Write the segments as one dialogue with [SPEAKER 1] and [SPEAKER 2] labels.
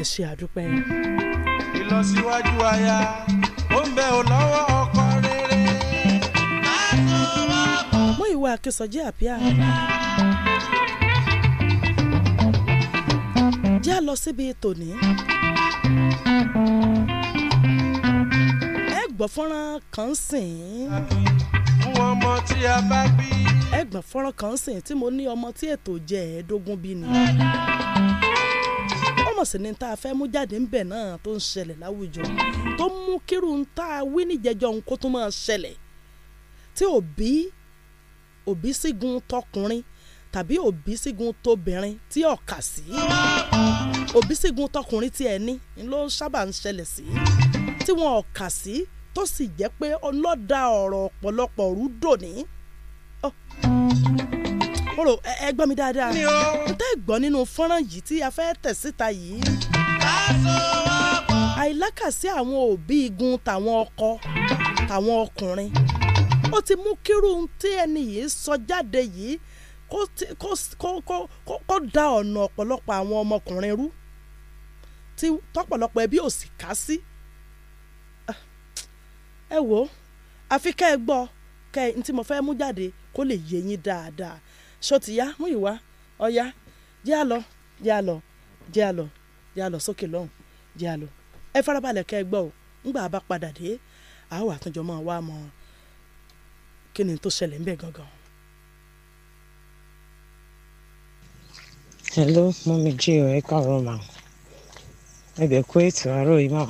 [SPEAKER 1] ẹ ṣe àdúpẹ́ yẹn.
[SPEAKER 2] ìlọsíwájú aya ó ń bẹ ò lọ́wọ́ ọkọ rere. mú ìwé àkẹsọjí àbíà. já lọ síbi tòní. ẹ fọ́nrán kan sìn. fún ọmọ tí a bá bí. ẹ fọ́nrán kan sìn tí mo ní ọmọ tí ètò jẹ́ ẹ̀ẹ́dógún bí ni. Ọlá túmọ̀ sí ní tá a fẹ́ mú jáde ń bẹ̀ náà tó ń ṣẹlẹ̀ láwùjọ tó mú kírun ń tá a wí níjẹjọ ń kó tó máa ṣẹlẹ̀ tí òbí òbí sígun tọkùnrin tàbí òbí sígun tóbìnrin tí ọ̀kà sí òbí sígun tọkùnrin tí ẹni ló sábà ń ṣẹlẹ̀ sí tí wọn ọ̀kà sí tó sì jẹ́ pé ọlọ́dà ọ̀rọ̀ ọ̀pọ̀lọpọ̀ rú dòní mo rò ẹ gbọ́ mi dáadáa n tẹ́ gbọ́ nínú fọ́nrán yìí tí a fẹ́ tẹ̀ síta yìí àìlákàsí àwọn òbí igun tàwọn ọkọ tàwọn ọkùnrin ó ti mú kírú tí ẹni yìí sọ jáde yìí kó da ọ̀nà ọ̀pọ̀lọpọ̀ àwọn ọmọkùnrin rú tí tọ́pọ̀lọpọ̀ ẹbí ò sì ká sí ẹ wò ó àfi kẹ́ ẹ gbọ́ kẹ́ ẹ ní tí mo fẹ́ mú jáde kó lè yé yín dáadáa ṣọ́ọ̀tì ya mú ìwá ọya jẹ́ àlọ́ jẹ́ àlọ́ jẹ́ àlọ́ jẹ́ àlọ́ sókè lọ́hùn jẹ́ àlọ́ ẹ farabalẹ̀ kẹ́ ẹ o ńgbà bá padà dé a ó àtúnjọ wá kí ni tó ṣẹlẹ̀ gangan.
[SPEAKER 3] hello mọ́mí jí ọ̀ ẹ káàárọ̀ mà ẹ bẹ̀ kó ètò àárọ̀ yìí mà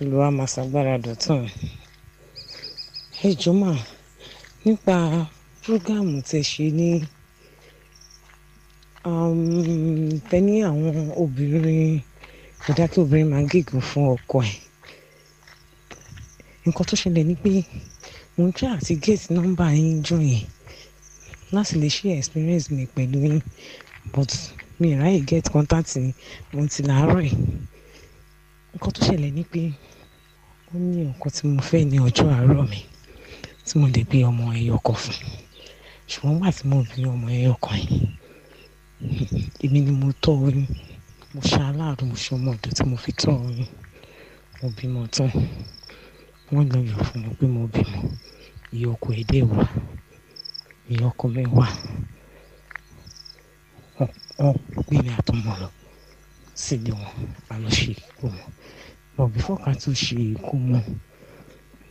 [SPEAKER 3] olùwà màsàgbára ẹ nípa prógámù tẹ ṣe ní um, tẹ ní àwọn obìnrin kò dá kí obìnrin máa gègùn fún ọkọ ẹ̀ nǹkan tó ṣẹlẹ̀ ni pé mo ń àti get nọ́mbà yín jọ yẹn láti lè share experience mi pẹ̀lú yín but mi ráyè get contact ni mo ti làárọ̀ ẹ̀ nǹkan tó ṣẹlẹ̀ ni pé ó ní nǹkan tí mo fẹ́ ní ọjọ́ àárọ̀ mi tí mo lè gbé ọmọ ẹyọ fún un ṣùgbọ́n nígbà tí mo bí ọmọ ẹyọ kan yìí èmi ni mo tọ́ oyún mo ṣe aláàrú mo ṣe ọmọ ọ̀dọ̀ tí mo fi tọ́ oyún mo bímọ tán wọ́n lọ yọ̀ fún mi pé mo bímọ ìyá ọkọ ẹ̀dẹ̀ wà ìyá ọkọ mẹ́wàá wọ́n gbé mi àtọmọ lọ sílé wọn a lọ ṣe ìkómọ mọ bífọ́ ká tó ṣe ìkómọ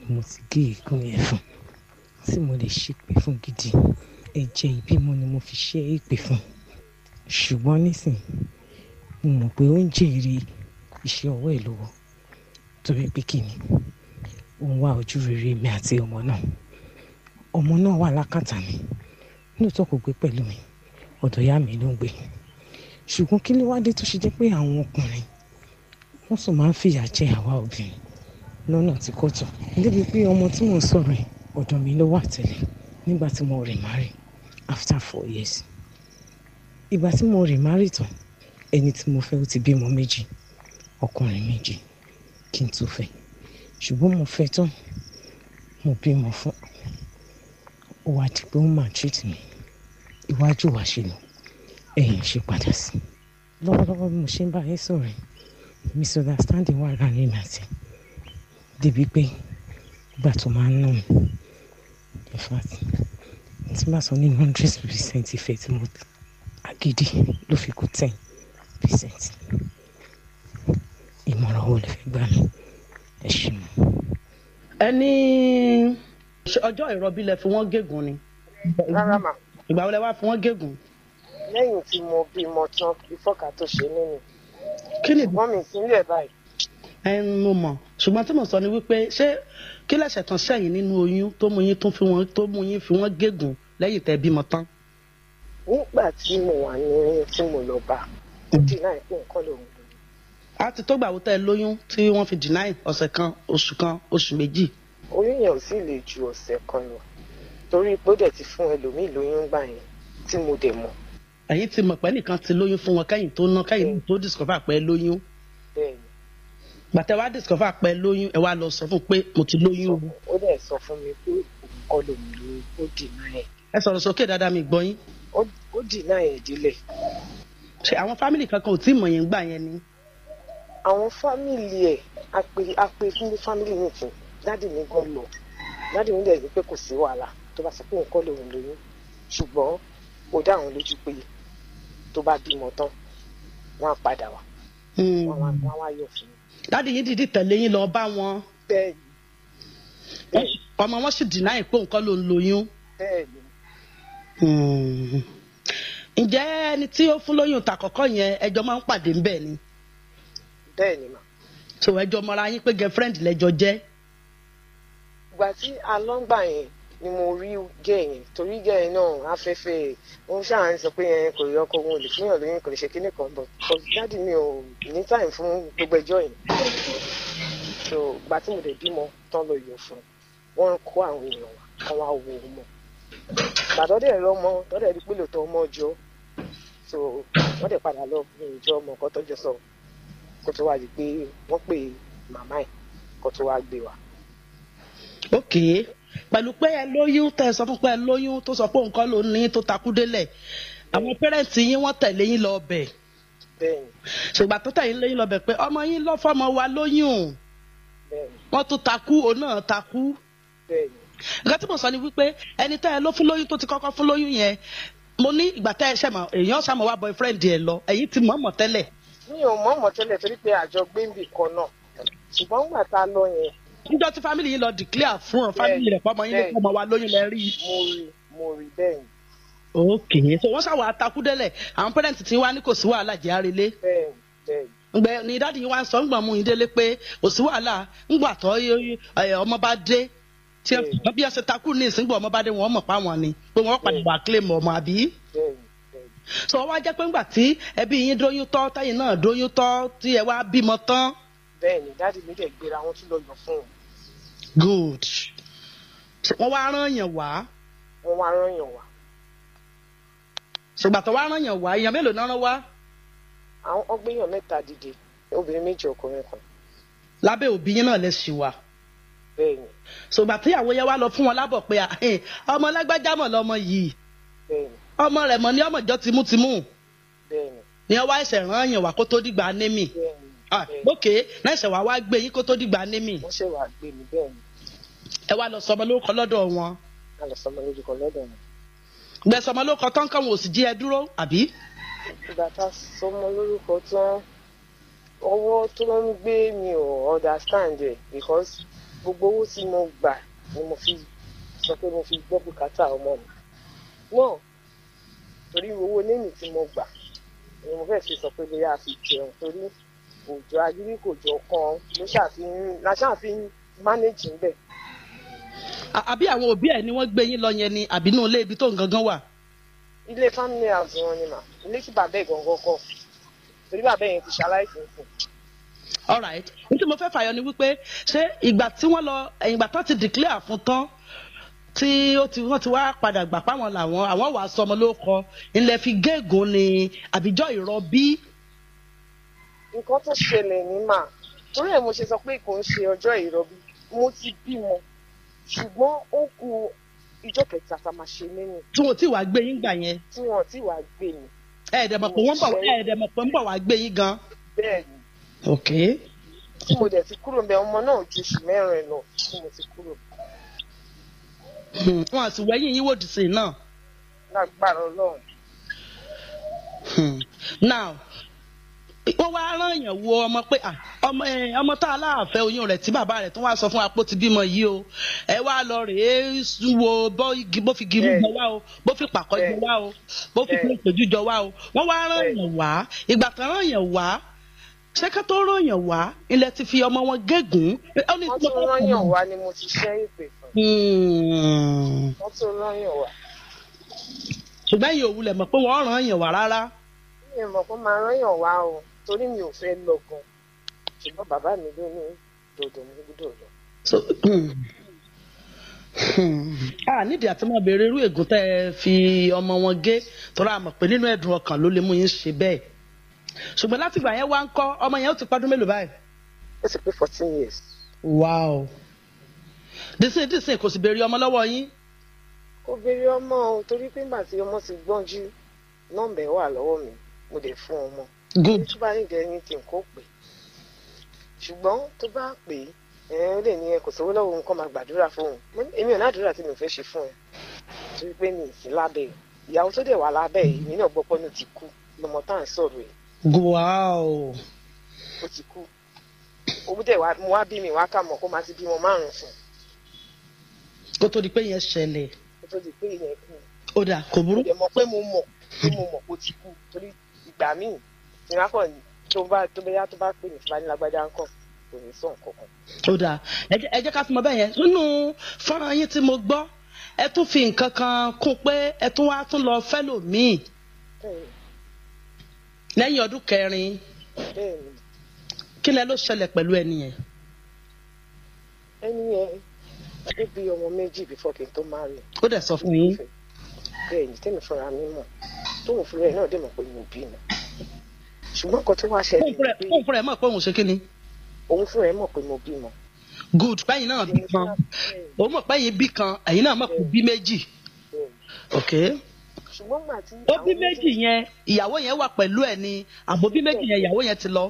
[SPEAKER 3] mo ti gé èékún yẹn fún tí mo lè ṣépè fún gidi ẹ̀jẹ̀ ìbímọ ni mo fi ṣe èpè fún ṣùgbọ́n nísìn mo mọ̀ pé ó ń jèrè iṣẹ́ ọwọ́ ẹ̀ lọ́wọ́ torí pé kí ni ó ń wá ojú rere mi àti ọmọ náà ọmọ náà wà lákàtà mi lóòótọ́ kò gbé pẹ̀lú mi ọ̀dọ̀ ìyá mi ló ń gbé ṣùgbọ́n kí ló wá dé tó ṣe jẹ́ pé àwọn ọkùnrin wọ́n sì máa ń fìyà jẹ àwa obìnrin lọ́nà tí kò tọ́ débi pé ọmọ tí mò ń sọ̀rọ̀ ọ̀dọ̀ mi ló wà tẹ́lẹ̀ nígbà tí mo rìn má rìn after four years ìgbà tí mo rì márì tán ẹni tí mo fẹ́ ó ti bímọ méjì ọkùnrin méjì kí n tó fẹ́ ṣùgbọ́n mo fẹ́ tán mo bímọ fún ó wá di pé ó máa treat mi iwájú wa ṣe lọ ẹ̀yìn ṣe padà sí lọ́wọ́lọ́wọ́ bí mo ṣe ń bá yín sọ̀rọ̀ misunderstanding wà láàrin mi àti débi pé ìgbà tó máa ń nà mí in fact tí n bá sọ nínú hundred percent ìfẹ́ tí mo agídí ló fi kú ten percent ìmọ̀ràn wo lè fẹ́ gbà mí ẹ ṣe mọ́.
[SPEAKER 2] ẹni ọjọ́ ìrọbí lẹ fi wọ́n gégùn ni. rárá mà. ìgbà wo lẹ wá fi wọ́n gégùn.
[SPEAKER 4] lẹ́yìn tí mo bímọ tán ìfọ́ka tó ṣe nínú. kí ni ìgbọ́n mi sílẹ̀ báyìí.
[SPEAKER 2] ẹ ń mo mọ̀ ṣùgbọ́n tí mo sọ ni wípé ṣé kí lẹ̀ṣẹ̀ tán sẹ́yìn nínú oyún tó mú yín tó mú yín fi wọ́n gégùn lẹ́yìn tẹ́ bímọ tán.
[SPEAKER 4] nígbà tí mo wà ní tí mo lọ bá deny pé nǹkan lòun lò. a ti tó gbà wo
[SPEAKER 2] tẹ́ ẹ lóyún tí wọ́n fi deny ọ̀sẹ̀ kan oṣù kan oṣù méjì.
[SPEAKER 4] oyún yẹn ò sì lè ju ọ̀sẹ̀ kan lọ torí pé ó dẹ̀ ti fún ẹlòmíì lóyún gbà yẹn tí mo dẹ̀ mọ̀.
[SPEAKER 2] ẹ̀yin ti mọ̀ pé nìkan ti lóyún fún wọn kẹ́yìn tó ná kẹ́yìn tó discover pé lóyún.
[SPEAKER 4] bẹ́ẹ̀ni gbàtẹ́ discover pé lóyún ẹ wá lọ sọ fún pé mo ti lóyún. ó dẹ̀ sọ fún mi pé òun kọ́ lòun lóyún ó dì náà ẹ̀ ẹ sọ̀rọ̀ sókè dáadáa mi gbọ́ yín. ó dì náà
[SPEAKER 2] yẹn délẹ̀. ṣe àwọn fámìlì kankan ò tí ì mọ̀ yẹn gbà yẹn ni.
[SPEAKER 4] àwọn fámìlì ẹ̀ apè pe fún fámìlì mi fún dáàdì mi gan lọ dáàdì mi dẹ̀ ní pé kò sí wàhálà tó bá sọ pé òun kọ́ lòun lóyún ṣùgbọ́n ó dá àwọn lójú pé tó bá bímọ tán wọ́n á padà wá
[SPEAKER 3] hmm. wọ́n
[SPEAKER 4] wá yọ̀ fún mi.
[SPEAKER 2] dáàdì yìí dìde tẹ̀lé yín lọ bá wọn.
[SPEAKER 4] bẹ́ẹ̀ni
[SPEAKER 2] ọmọ wọn sì dìnnà ìpò nǹkan ló ń lóyún. bẹ́ẹ̀ni Hmm. ǹjẹ́ ẹni tí ó fún lóyún ta kọ̀kọ́ yẹn ẹjọ́ máa ń pàdé ń bẹ̀ ni. bẹ́ẹ̀ ni mà. tó ẹjọ́ mọ́ra yín pé girlfriend lẹ́jọ́ jẹ́.
[SPEAKER 4] ìgbà tí a lọ ń gbà yẹn ni mo rí gẹ̀ yẹn torí gẹ̀ yẹn náà afẹ́fẹ́ wọn ṣáà ń sọ pé yẹn kò rí ọkọ wọn ò lè fún yàn lóyún kò lè ṣe kíní kan bọ̀ dáàdì mi ò ní time fún gbogbo ẹjọ́ yẹn so ìgbà tí mo dẹ̀ bímọ tán lọ yọ fún wọn kó àwọn èèyàn wá kán wá wo ọmọ gbàtọ́dẹ̀ rẹ ọmọ tọ́dẹ̀ rí pílò tó ọmọ jọ so wọ́n dẹ̀ padà lọ ní ìjọ ọmọ kan tọ́jọ sọ kó tó wá di pé wọ́n pè màmá ẹ̀ kó tó wá gbé wa. ok
[SPEAKER 2] pẹ̀lú pé ẹ lóyún tẹ́ ẹ sọ fún pé ẹ lóyún tó sọ pé nǹkan ló ní tó takú délẹ̀ àwọn pẹ́rẹ́ǹtì yín wọ́n tẹ̀lé yín lọ bẹ̀. ṣùgbọ́n tó tẹ̀lé yín lọ bẹ̀ pé ọmọ yín lọ́fọ́mọ wa lóyún. wọ́n tún takú òun náà takú. bẹ́ẹ̀ni nǹkan tí mo sọ ni wípé ẹni tá ẹ ló fún lóyún tó ti kọ́kọ́ fún lóyún yẹn mo ní ìgbà tá ẹ ṣe mọ èèyàn ṣàmọ wá boyfriend ẹ lọ ẹ̀yin ti mọ̀ọ́mọ̀ tẹ́lẹ̀.
[SPEAKER 4] mi ò mọ̀ọ́mọ̀ tẹ́lẹ̀ torí pé àjọ gbẹ̀ǹbì kan náà ṣùgbọ́n nígbà tá a lọ yẹn. níjọ́ tí family yìí lọ declare fún ọ family rẹ̀ fọmọ yín lè fọmọ wa lóyún lẹ rí. mo rí mo rí bẹ́ẹ̀ ok so wọ́n ṣàwọ̀ atakúdẹ́lẹ̀
[SPEAKER 2] àwọn parents ti wá ní kò sí wàhálà jẹ́ àrèlé. bẹ́ẹ̀ bẹ́ẹ̀ ni dáàdi yín wá ń sọ ń gbọ̀n mú yín délé pé kò sí wàhálà ń gbà tọ́ ọmọ bá dé tí ẹ bí ẹ takú ní ìsìngbọ ọmọ bá dé wọn mọ̀ pa ni pé wọn padà wà claim ọmọ àbí. sọ wá jẹ́ pé ńgbà tí ẹbí yín dóyún tọ́ táyìn náà dóyún tọ́ tí ẹ wá bímọ tán.
[SPEAKER 4] bẹ́ẹ̀ni dáàdi mi dẹ gbéra wọn tún lọ yọ fún un. good
[SPEAKER 2] wọn wá rán yàn wá.
[SPEAKER 4] wọn wá rán yàn wá.
[SPEAKER 2] ṣùgbọ́n àtọ̀ wá rán yàn wá èèyàn mélòó náà rán wá.
[SPEAKER 4] àwọn ọgbẹ́yàn mẹ́ta dìde obìnrin méjì ọkùnrin kan.
[SPEAKER 2] lábẹ́ òbí yín náà lẹ́sìn wa sògbà tí àwọn yẹn wá lọ fún wọn lábọ̀ pé ọmọ lágbájá mọ̀ lọmọ yìí ọmọ rẹ̀ mọ̀ ní ọmọjọ́ tìmùtìmù ni ọwọ́ ẹsẹ̀ ràn yàn wá kó tó dìgbà anémì ah, ókè náà ẹsẹ̀ wá wá gbé yín kó tó dìgbà anémì ẹ wá lọ sọmọ lórúkọ lọ́dọ̀ wọn
[SPEAKER 4] gbẹ sọmọ lórúkọ tán kàn wọn ò sì jí ẹ dúró àbí. ìgbà tá a sọmọ lórúkọ tán ọwọ́ tó ń gbé mi ò understand it because gbogbo owó tí mo gbà ni mo fi sọ pé mo fi gbọ́ bùkátà ọmọ mi náà torí owó lẹ́yìn tí mo gbà ni mo fẹ́ fi sọ pé bóyá a fi jẹun torí òjò agírí kò jọ kan ló ṣàfihàn la ṣàfihàn mánéjì ńbẹ. àbí
[SPEAKER 2] àwọn òbí ẹ ni wọ́n gbé yín lọ yẹn ni àbí inú ilé ibi tó gangan wà.
[SPEAKER 4] ilé family house wọn ni mà ilé tí bàbá ẹ̀ gangan kọ́ torí bàbá yẹn ti ṣaláìsí fún un
[SPEAKER 2] alright n tí mo fẹ́ fàyọ ni wípé ṣé ìgbà tí wọ́n lọ ìgbà tó ti declare fún tán tí ó ti wọ́n ti wá padà gbà páwọn làwọn àwọn wàá sọmọ ló kọ ilẹ̀ fi gégùn ni àbíjọ́ ìrọbí.
[SPEAKER 4] nǹkan tó ṣẹlẹ̀ ní mà torí ẹ̀ mo ṣe sọ pé kò ń ṣe ọjọ́ ìrọbí mo ti bímọ ṣùgbọ́n ó kù ìjọ kẹta tá a máa ṣe nínú.
[SPEAKER 2] tí wọn ò tí wàá gbé yín gbà yẹn.
[SPEAKER 4] tí wọn ò tí wàá gbé mi. ẹ̀ẹ́dẹ̀mọ̀pọ̀ wọ́n bọ̀ ẹ̀ẹ́dẹ̀mọ̀pọ̀ ń bọ̀ wàá gbé yín gan. bẹ́ẹ̀ni ok. tí mo dẹ̀ ti kúrò ńbẹ̀ ọmọ náà ju oṣù mẹ́rin lọ tí mo ti kúrò.
[SPEAKER 2] Hmm, wọn àti wẹ́yìn yín wòdì sí i náà.
[SPEAKER 4] lágbára ọlọ́run.
[SPEAKER 2] Hmm, now wọ́n wá rán èèyàn wo ọmọ pé ọmọ tá a láàfẹ́ oyún rẹ̀ tí bàbá rẹ̀ tó wá sọ fún apó ti bímọ yìí o ẹ wá lọ rèé wo bó fi gimú jọ wá o bó fi pàkọ́ jọ wá o bó fi pèsè jọ wá o wọ́n wá rán èèyàn wá ìgbà kan rán èèyàn wá ṣé ká tó ròyàn wá ilẹ̀ ti fi ọmọ wọn gégùn. wọ́n tó ròyàn wá
[SPEAKER 4] ni mo ti ṣẹ́ ìpè fún.
[SPEAKER 2] Hmm.
[SPEAKER 4] wọ́n tó ròyàn wá.
[SPEAKER 2] ṣùgbọ́n ìyẹn òwúlẹ̀ mọ̀ pé wọ́n ràn yàn wá
[SPEAKER 1] rárá.
[SPEAKER 4] mi ò mọ̀ pé máa ràn yàn wá o torí mi ò fẹ́ lọ gan ṣùgbọ́n bàbá mi ló ní dòdò mú gbọ́dọ̀ lọ.
[SPEAKER 1] Hmm.
[SPEAKER 2] Hmm. a ah, nídìí àti máa béèrè irú ègún tẹ́ ẹ fi ọmọ wọn gé tọ́ra àmọ̀ pé nínú ẹ̀dùn ọkàn ló lè mú yín ṣe bẹ́ẹ̀ ṣùgbọ́n látìgbà yẹn wá ń kọ́ ọmọ yẹn ó ti pọ́dún mélòó báyìí. ó ti pé fourteen years. wow dísìn dísìn kò sì béèrè ọmọ lọ́wọ́
[SPEAKER 4] yín. kò béèrè ọmọ o torí pé nígbà tí ọmọ ti gbọ́n jù nọ́mbà ẹ̀ wà lọ́wọ́ mi mo dẹ̀ fún ọmọ. good tó bá nídìí ẹni tí n kò pè ṣùgbọ́n tó bá pè ẹ ó lè ní ẹ kò sówó lọ́wọ́ nǹkan máa gbàdúrà fóun èmi ò ládùúrà tí mi ò fẹ́ ṣe fún ẹ torí pé mi ì sí lábẹ́ ìyàwó tó dẹ̀ wà lábẹ́ yìí náà gbọ́ pọ́nú ti kú lọmọ tá à ń sọ̀rọ̀ ẹ̀ Wow. ó ti kú òun dẹ̀ wá mo wá bí mi wá kà mọ̀ kó máa ti bímọ márùn-ún fún. kó tó
[SPEAKER 2] di pé yẹn ṣẹlẹ̀.
[SPEAKER 4] kó tó di pé yẹn kú.
[SPEAKER 2] ó dà kò burú.
[SPEAKER 4] mo mọ̀ pé mo mọ̀ pé mo mọ̀ kó ti kú torí ìgbà míì ni wọ́n kàn tó bá tó bá yá tó bá pè mí tó bá ní lágbájá ń kàn kò ní sọ nǹkan kan.
[SPEAKER 2] ó dà ẹ jẹ́ ká fi mọ bẹ́ẹ̀ yẹn nínú fọ́nrán yín tí mo gbọ́ ẹ tún fi nǹkan kan kún pé ẹ tún wá tún lọ fẹ́lòmíì lẹ́yìn ọdún kẹrin kí lẹ ló ṣẹlẹ̀ pẹ̀lú ẹni yẹn.
[SPEAKER 4] ẹni yẹn ó ọmọ méjì before kí n tó máa rí.
[SPEAKER 2] ó dẹ̀ sọ fún yín.
[SPEAKER 4] bẹ́ẹ̀ ni tẹ́mi fúnra mi mọ̀ tóun fúnra ẹ̀ náà dé mọ̀ pé mi ò bí mi ṣùgbọ́n kan tó wá ṣẹlẹ̀ ni pé òun fúnra ẹ̀ mọ̀ pé òun ṣe kí ni. òun fúnra ẹ̀ mọ̀ pé mo bí mọ. good pẹ́yìn náà bí kan òun mọ̀ pẹ́yìn bí kan ẹ̀yin náà mọ̀ pé bí méjì. okay. okay ṣùgbọ́n gbà tí. ó bí méjì yẹn
[SPEAKER 2] ìyàwó yẹn wà pẹ̀lú ẹ̀ ni àmọ́ bí méjì yẹn ìyàwó yẹn ti lọ.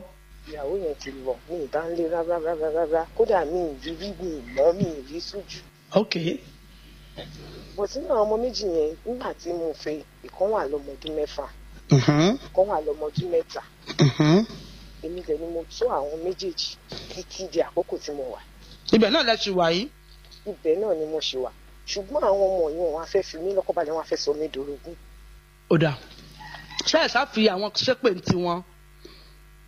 [SPEAKER 4] ìyàwó yẹn ti lọ mi ì bá ń lé rárá rárá rárá kódà mi ì rí rí mi ì mọ́ mi ì rí sójú. ok. bó ti náà ọmọ méjì yẹn nígbà tí mo fẹ́ ìkan wà lọ́mọdún mẹ́fà mhm. ìkan wà lọ́mọdún mẹ́ta mhm. èmi lè ni mo tó àwọn méjèèjì títí di àkókò tí mo wà. ibẹ̀ náà lẹ ṣì wà yìí. ibẹ̀ náà ni mo ṣì wà ṣùgbọ́n àwọn ọmọ yìí wọn fẹ́ fi mí lọ́kọ̀ wọn fẹ́ sọ mí dorogún.
[SPEAKER 2] ó dà ṣe ẹ̀ sáfi àwọn ṣépè ń tiwọn.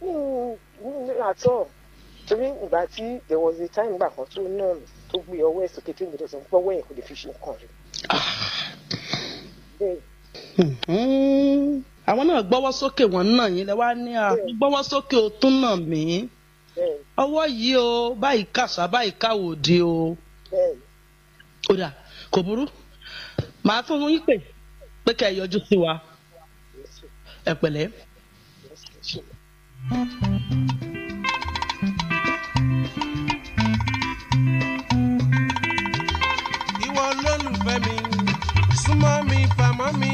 [SPEAKER 4] mi hmm, ò hmm, torí ìgbà tí there was a time ìgbà kan tó náà tó gbé ọwọ́ ẹ̀ sókè mi dẹ̀ sọ pé yẹn kò lè fi ṣe nǹkan rẹ̀. Ah.
[SPEAKER 2] Hmm, àwọn náà gbọ́wọ́ sókè wọ́n náà yín lẹ́wọ́ á ní ah, gbọ́wọ́ sókè ó tún náà mí ọwọ́ yìí o báyìí kàṣà báyìí káwòdì o. kò burú màá fún yín pè pé kẹ́ ẹ yọjú sí wa ẹ pẹ̀lẹ́.
[SPEAKER 1] ìwọ olólùfẹ́ mi súnmọ́ mi pamọ́ mi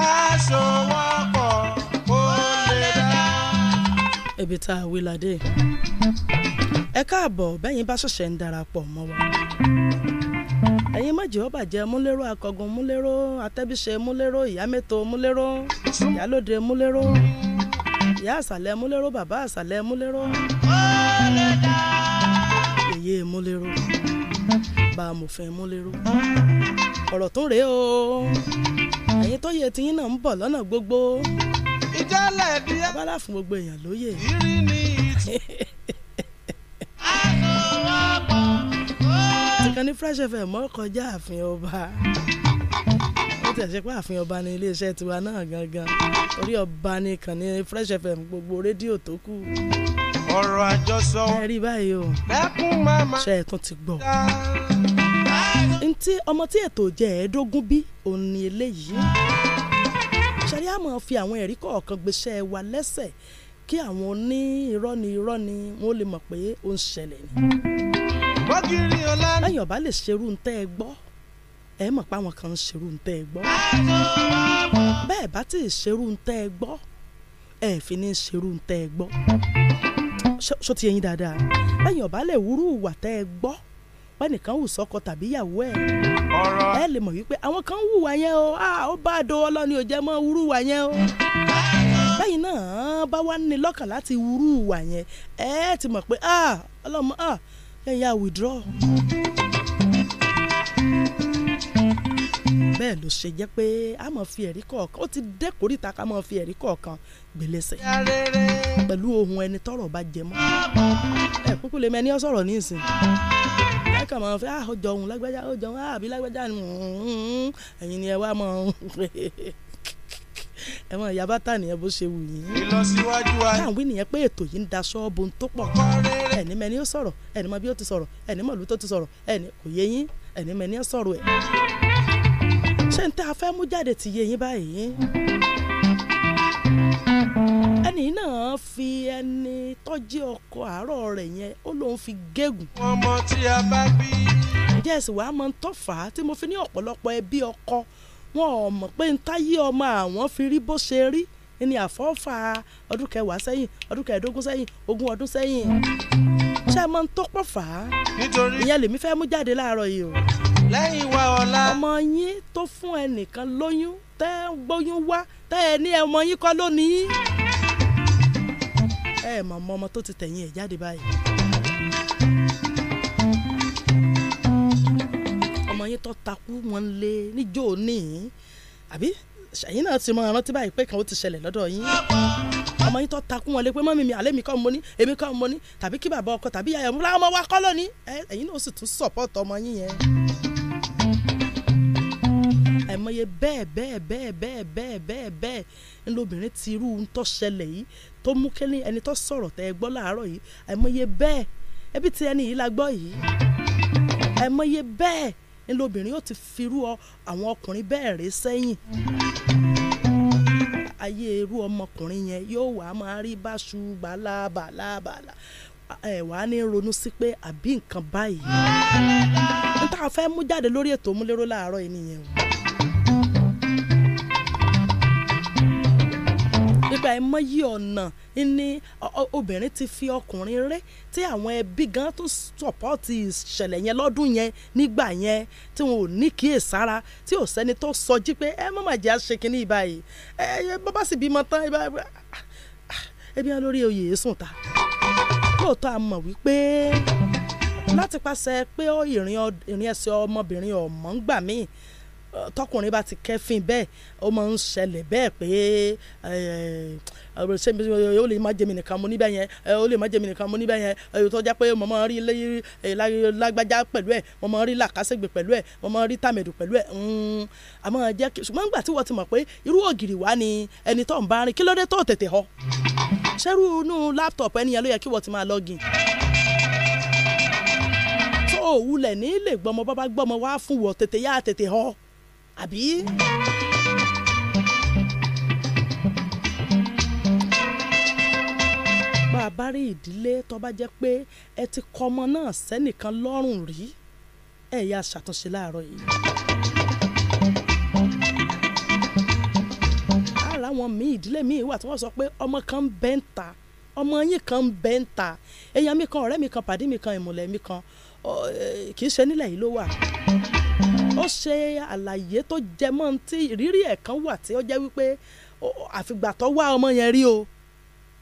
[SPEAKER 1] aṣọ
[SPEAKER 2] wọ́pọ̀ ó lè dá. ibi tá a wí ládé ẹ káàbọ̀ bẹ́yìn bá ṣẹ̀ṣẹ̀ ń darapọ̀ mọ́ wa. ẹ̀yin méjì ó bàjẹ́ múlẹ́rọ́ akọ̀gùn múlẹ́rọ́ atẹ́bíṣe múlẹ́rọ́ ìyámẹ́tò múlẹ́rọ́ ìyálóde múlẹ́rọ́ ìyá àṣàlẹ̀ múlẹ́rọ́ bàbá àṣàlẹ̀ múlẹ́rọ́ èyí múlẹ́rọ́ bá a mọ̀fẹ́ múlẹ́rọ́ ọ̀rọ̀ tún rèé o ẹ̀yin tó yẹ tiyín náà ń bọ̀ lọ́nà gbogbo abala fún gbogbo èèyàn lóye. kan ní Fresh FM mọ́ kọjá ààfin ọba ó tẹ̀ ṣe pé ààfin ọba ní iléeṣẹ́ tiwa náà gangan orí ọba ní ìkànnì Fresh FM gbogbo rédíò tó kù. ọ̀rọ̀ àjọsọ ẹ rí báyìí o ṣe é tún ti gbọ́. ntí ọmọ tí ètò jẹ́ ẹ̀ẹ́dógún bí òun ni eléyìí ṣẹ̀rí àmọ́ fi àwọn ẹ̀rí kọ̀ọ̀kan gbéṣẹ́ wa lẹ́sẹ̀ kí àwọn oní irọ́ ni irọ́ ni wọ́n lè mọ̀ pé ó ń ṣẹlẹ̀
[SPEAKER 1] ni
[SPEAKER 2] ẹ̀yin ọba lè ṣerú ń tẹ́ ẹ gbọ́ ẹ mọ̀ pé àwọn kan ń ṣerú ń tẹ́ ẹ gbọ́ bẹ́ẹ̀ bá ti ṣerú ń tẹ́ ẹ gbọ́ ẹ fi ní ṣerú ń tẹ́ ẹ gbọ́ ṣó ti yẹyin dáadáa ẹ̀yin ọba lè wúrú ìwà tẹ́ ẹ gbọ́ pẹ́nìkan wù sọ́kọ tàbí ìyàwó ẹ̀ ẹ lè mọ̀ wípé àwọn kan wùwà yẹn o ó bá a do ọlọ́ni ò jẹ́ mọ́ wúrú wà yẹn o bẹ́yìn náà bá wà ní lọ́kàn láti wúrú wà yẹn ẹ ti mọ̀ pé ọlọ́mọ ẹ yá withdraw. bẹ́ẹ̀ ló ṣe jẹ́ pé a máa fi ẹ̀rí kọ̀ọ̀kan ó ti dẹ́kórìta ká máa fi ẹ̀rí kọ̀ọ̀kan gbèlẹ́sẹ̀ pẹ̀lú ohun ẹni tọ́rọ̀ bá jẹ mọ́ ẹ kúkú lè mẹ́ni ọ́ sọ̀rọ̀ nísìn ẹ kàn máa fẹ́ àhọ́jọ ah, òun lágbájá àhọ́jọ òun ah, àbí lágbájá ẹ̀yin ni ẹ wá mọ́ ọ́n. ẹ̀wọ̀n ìyá bàtà nìyẹn bó ṣe wù yín. ìlọsíwájú wa. táwọn wí nìyẹn pé ètò yìí ń da ṣọ́ọ̀bù tó pọ̀ ẹni mẹ́ni ó sọ̀rọ̀ ẹni mọ bí ó ti sọ̀rọ̀ ẹni mọ tó ti sọ̀rọ̀ ẹni kò yé yín ẹni mẹ́ni ó sọ̀rọ̀ ẹ̀. ṣé n tẹ́ a fẹ́ mú jáde ti yé yín báyìí? ẹni náà fi ẹni tọ́jú ọkọ àárọ̀ rẹ̀ yẹn ó lóun fi gégùn. ọmọ tí a bá bí. ǹjẹ́ ẹ̀sìn wàá mọ ń tọ́fà wọn ò mọ̀ pé ntáyé ọmọ àwọn fi rí bó ṣe rí ní àfọ́fà ọdún kẹwàá sẹ́yìn ọdún kẹẹ̀ẹ́dógún sẹ́yìn ogún ọdún sẹ́yìn ṣé ẹ mọ̀ tó pọ̀ fà á ìyẹn lèmi fẹ́ mú jáde láàárọ̀ yìí o lẹ́yìn wa ọ̀la ọmọ yín tó fún ẹnìkan lóyún tẹ́ ń gbóyún wá tẹ́ ẹ ní ọmọ yín kọ́ lónìí ẹ mọ̀ ọmọ tó ti tẹ̀yìn ẹ̀ jáde báyìí. yín tó takú wọn lé níjó ní àbí ṣẹ̀yìn náà ti mọ rántí báyìí pé kan ó ti ṣẹlẹ̀ lọ́dọ̀ yín ọmọ yín tó takú wọn lé pé mọ́mí mi àlẹ́ mi kọ́ mo ní èmi kọ́ mo ní tàbí kí bàbá ọkọ tàbí yàyà ọmọ wa kọ́ lónìí ẹ̀yin náà sì tún support ọmọ yín yẹn àìmọye bẹ́ẹ̀ bẹ́ẹ̀ bẹ́ẹ̀ bẹ́ẹ̀ bẹ́ẹ̀ bẹ́ẹ̀ bẹ́ẹ̀ ń lóbìnrin ti irú ń tó ṣẹlẹ̀ yìí tó mú kẹ́lí ẹni tó sọ̀rọ̀ tẹ́ ẹ gbọ́ láàárọ̀ yìí àìmọye bẹ́ẹ̀ ẹbí ti ẹni yìí la gbọ́ yìí àìmọye bẹ́ẹ̀ ńlọbìnrin yóò ti firú àwọn ọkùnrin bẹ́ẹ̀ rèé sẹ́yìn ayé irú ọmọkùnrin yẹn yóò wá máa rí báṣu bàlábàlábàlá ẹ wàá ní ronú sí pé àbí nǹkan báyìí n tá a fẹ́ mú jáde lórí ètò òmúléró láàárọ̀ yìí nìyẹn o. gbogbo àìmọye ọ̀nà ni obìnrin ti fi ọkùnrin ré tí àwọn ẹbí gan tó sọ̀pọ́ọ̀tì ìṣẹ̀lẹ̀ yẹn lọ́dún yẹn nígbà yẹn tí wọn ò ní kíyèsára tí ò sẹ́ni tó sọ jí pé ẹ mọ̀mọ́ jẹ́ àṣekínní ìbáyìí ẹ bọ́bá sì bímọ tán ẹbí wọn lórí oyè èsùn ta lóòótọ́ a mọ̀ wípé láti pàṣẹ pé ìrìn ẹsẹ̀ ọmọbìnrin ọ̀mọ́ ń gbà míì tọkùnrin bá ti kẹ́fìn bẹ́ẹ̀ ó máa ń ṣẹlẹ̀ bẹ́ẹ̀ pé ó lè má jẹmi nìkan mo níbẹ̀ yẹn ó lè má jẹmi nìkan mo níbẹ̀ yẹn èyí tó jẹ́ pé mo máa ń rí lágbájá pẹ̀lú ẹ̀ mo máa ń rí làkàṣègbè pẹ̀lú ẹ̀ mo máa ń rí tàmẹ̀dù pẹ̀lú ẹ̀ àmọ́ jẹ́ ṣùgbọ́n nígbà tí wọ́n ti mọ̀ pé irú ògiri wa ni ẹni tó ń bá rìn kí ló dé tó tètè họ ṣẹ́rú inú láptọ̀pù ẹni yẹn ló yẹ kí wọ́n ti máa lọ́gìn tó òwúlẹ̀ ní lè gbọ́mọ bàbá gbọ́mọ wá fún wọ́ tètè yá tètè họ àbí. bá a bá rí ìdílé tó bá jẹ́ pé ẹ ti kọ ọmọ náà sẹ́nìkan lọ́rùn rí ẹ yá ṣàtúnṣe láàárọ̀ yìí. ara wọn míì ìdílé míì wà tí wọ́n sọ pé ọmọ kan ń bẹ́ ń ta ọmọ yín kan ń bẹ́ ń ta èèyàn mi kan ọ̀rẹ́ mi kan pàdé mi kan ìmùlẹ̀ mi kan kì í ṣe nílẹ̀ yìí ló wà ó ṣe àlàyé tó jẹ mọ́ tí ìrírí ẹ̀ kan wà tí ó jẹ́ wípé àfìgbà tó wá ọmọ yẹn rí o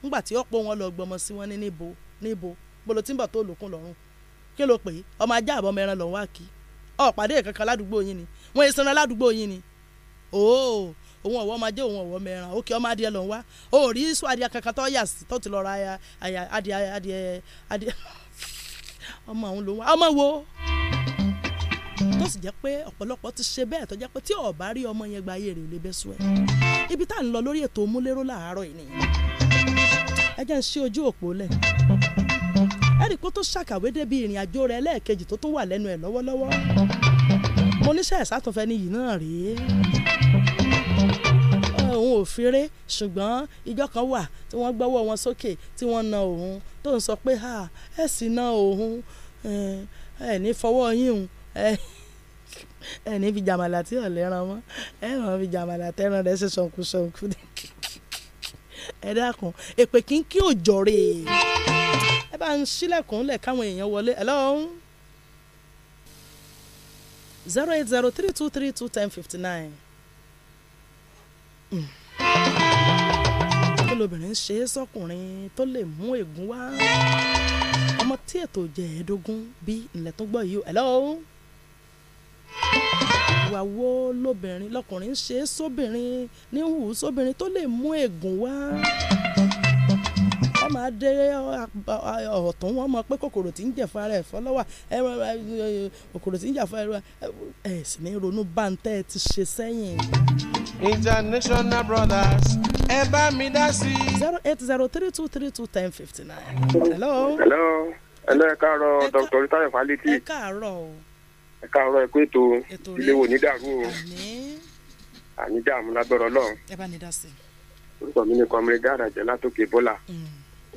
[SPEAKER 2] ńgbà tí ọ̀pọ̀ wọn lọ gbọmọ sí wọn ní níbo níbo bolo tí ń bọ̀ tó lòkun lọ́rùn kí ló pè é ọmọ ajá àbọ̀ ọmọ ẹran lọ́n wá kí ọ̀pàdé kankan ládùúgbò yín ni wọ́n yé sanra ládùúgbò yín ni òó òun ọ̀wọ́ ọmọdé òun ọ̀wọ́ mẹ́ran òkè ọmọ adìẹ lọ́n wá ó rí sọ adìẹ kankan tó yà sí tó ti lọ ra adìẹ adìẹ adìẹ ọmọ òun ló wá ọmọ wo tó sì jẹ́ pé ọ̀pọ̀lọpọ̀ ti ṣe bẹ́ẹ̀ tó jẹ́ pé tí o rí ọmọ yẹn gba ayé rẹ̀ lè bẹ́ sùn ẹ̀ ibi tá à ń lọ lórí ètò múlẹ́rọ́ làárọ̀ yìí nìyẹn ẹ jẹ́ ń ṣí ojú òpó lẹ̀ ẹ̀rí kó tó ṣàkàwé débi ìrìn àjò rẹ̀ lẹ́ẹ̀kejì tó tún wà lẹ́nu ẹ̀ lọ́wọ́lọ́wọ́ mo níṣẹ́ ìsàtúnfẹ́ ni yìí náà rèé òun ò fire ṣùgbọ́n ìjọ kan wà tí wọ́n gbọ́wọ́ wọn sókè tí wọ́n na òun tó ń sọ pé ẹ sì na òun ẹ ní fọwọ́ yín ẹ ẹ fi jàmàlà tí ò lẹ́ran mọ́ ẹ ràn fi jàmàlà tẹ́ran rẹ̀ ṣe sọ̀nkú sọ̀nkú ẹ dákun èpè kí n kí òjò rè é ẹ bá ń sílẹ̀kùn lẹ̀ káwọn èèyàn wọlé ẹ lọ́hún zero eight zero three two three two ten fifty nine hmm. kí lobìnrin ṣe é sọkùnrin tó lè mú ègún wá ọmọ tí ètò jẹ̀ẹ́dógún bí ilẹ̀ tó gbọ́ yìí ẹ lọ́hún ìwà wo lobìnrin lọkùnrin ṣe sóbìnrin ní sóbìnrin tó lè mú ègùn wá wọ́n máa dé ọ̀tún wọ́n mọ̀ pé kòkòrò tí ń jẹ̀fọ́ ara ẹ̀fọ́ lọ́wọ́ kòkòrò tí ń jẹ̀fọ́ ara ẹ̀ sì ní ronú báńtẹ́ ti ṣe sẹ́yìn. international brothers ẹ bá mi dá sí. zero eight zero three two three two ten fifty nine.
[SPEAKER 5] hello. hello hello ẹ káàárọ̀ dr tayo faleti. ẹ káàárọ̀ o ẹ káàárọ̀ ẹ kó ètò ilé wo ní dàrú o àní dààmú lágbọrọ lọ. ẹ bá ní dá sí. orúkọ mi ni kọmírin dáadáa jẹ látòkè bọlá. Mm.